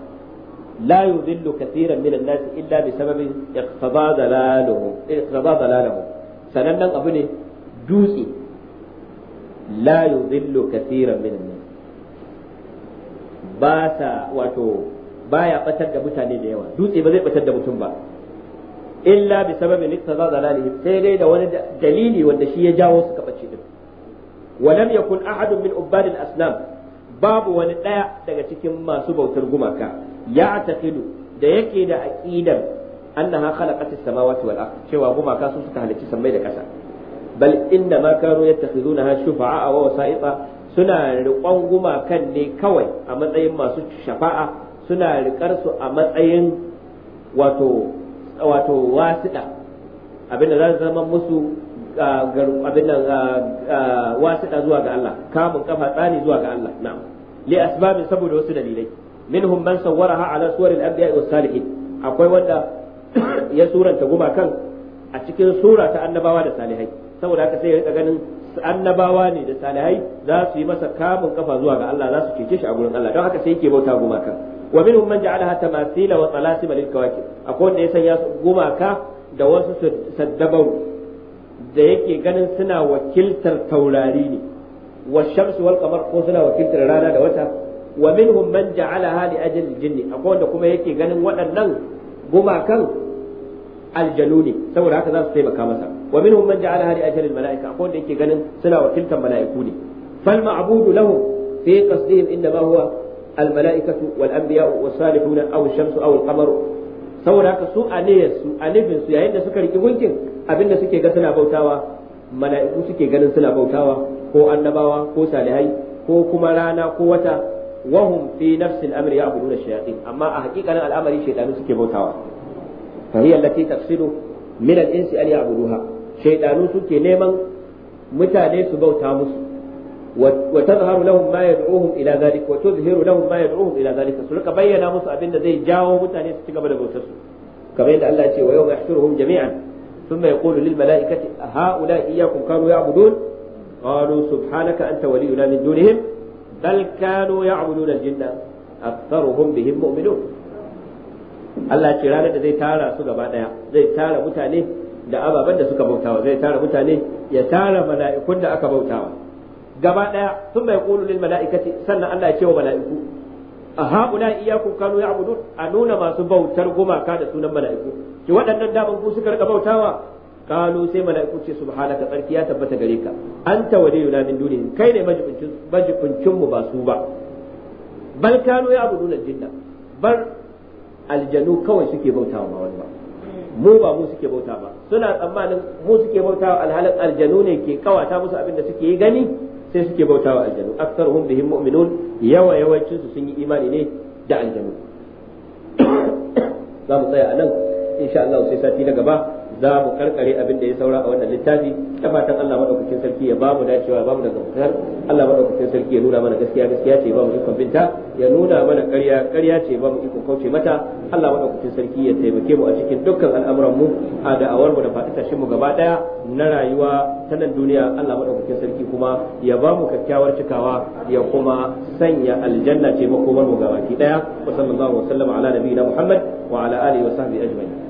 لا يضل كثيرا من الناس إلا بسبب اقتضى ضلاله اقتضى nan abu ne dutse. la yudhillu kaseeran min ba sa wato baya batar da mutane da yawa dutse ba zai batar da mutum ba illa bi sababin ittaza zalalihim sai dai da wani dalili wanda shi ya jawo suka bace din walam yakun ahadun min ubbadil aslam babu wani ɗaya daga cikin masu bautar gumaka ya taqidu da yake da aqidar annaha khalaqatis samawati wal ard cewa gumaka su suka halicci sammai da ƙasa. bal inda ma kanu yattakhizunaha shufa'a wa wasa'iqa suna riƙon gumakan ne kawai a matsayin masu shafa'a suna riƙar su a matsayin wato wato wasiɗa abinda za su zama musu abinda wasiɗa zuwa ga Allah kamun kafa tsani zuwa ga Allah na'am li asbabin saboda wasu dalilai minhum man sawwaraha ala suwaril anbiya'i was salihin akwai wanda ya suranta gumakan a cikin sura ta annabawa da salihai saboda haka sai ya rika ganin annabawa ne da salihai za su yi masa kamun kafa zuwa ga Allah za su cece shi a gurin Allah don haka sai yake bauta gumaka wa minhum man ja'alaha Masila, wa talasima lil kawakib akwai wanda ya sanya su gumaka da wasu saddabaru da yake ganin suna wakiltar taurari ne wa shamsu wal qamar ko suna wakiltar rana da wata wa minhum man ja'alaha li ajli jinni akwai wanda kuma yake ganin waɗannan gumakan aljanu ne saboda haka za su taimaka masa wa minhum man ja'ala hadi ajril malaika akwai wanda yake ganin suna wakiltar malaiku ne fal ma'budu lahum fi inda ma huwa al malaikatu wal anbiya'u was salihuna aw shamsu aw al saboda haka su aniyarsu anibin su yayin da suka riki gunkin abinda suke ga suna bautawa mala'iku suke ganin suna bautawa ko annabawa ko salihai ko kuma rana ko wata wahum fi nafsi al-amri ya'buduna shayatin amma a hakikanin al'amari shaytanu suke bautawa fa hiya allati tafsilu min al-insi an Abuduha. shaydanu suke neman mutane su bauta musu wa tazharu lahum ma yad'uhum ila zalika wa tuzhiru lahum ma yad'uhum ila zalika su rika bayyana musu abinda zai jawo mutane su ci gaba da bautar su kamar yadda Allah ya ce wa yawma yahshuruhum jami'an ثم يقول للملائكة هؤلاء إياكم كانوا يعبدون قالوا سبحانك أنت ولينا من دونهم بل كانوا يعبدون الجن أكثرهم بهم مؤمنون Allah ce ranar da zai tara su gaba daya zai tara mutane da ababen da suka bautawa zai tara mutane ya tara mala'ikun da aka bautawa gaba daya sun mai kulu lil mala'ikati sannan Allah ya ce wa mala'iku a haula iyyakum kanu ya'budun a nuna masu bautar gumaka da sunan mala'iku ki waɗannan daman ku suka rika bautawa kalu sai mala'iku ce subhanaka tsarki ya tabbata gare ka anta waliyuna min dunihim kai ne majibincin mu ba su ba bal kanu ya'buduna jinna bar aljanu kawai suke bautawa ba wani ba mu ba mu suke bauta ba suna tsammanin mu suke bautawa alhalin aljanu ne ke kawata musu abin da suke yi gani sai suke bautawa aljanu aktsaruhum bihim mu'minun yawa yawancin su sun yi imani ne da aljanu za mu tsaya a nan insha Allah sai sati na gaba za mu karkare abin da ya saura a wannan littafi da fatan Allah madaukakin sarki ya bamu dacewa bamu daga fitar Allah madaukakin sarki ya nuna mana gaskiya gaskiya ce bamu ikon binta ya nuna mana ƙarya ƙarya ce bamu ikon kauce mata Allah madaukakin sarki ya taimake mu a cikin dukkan al'amuran mu a da'awar mu da faɗi tashin mu gaba daya na rayuwa ta nan duniya Allah madaukakin sarki kuma ya bamu kyakkyawar cikawa ya kuma sanya aljanna ce makomar mu gaba ki daya wa sallallahu wa sallama ala nabiyina Muhammad wa ala alihi wa sahbihi ajma'in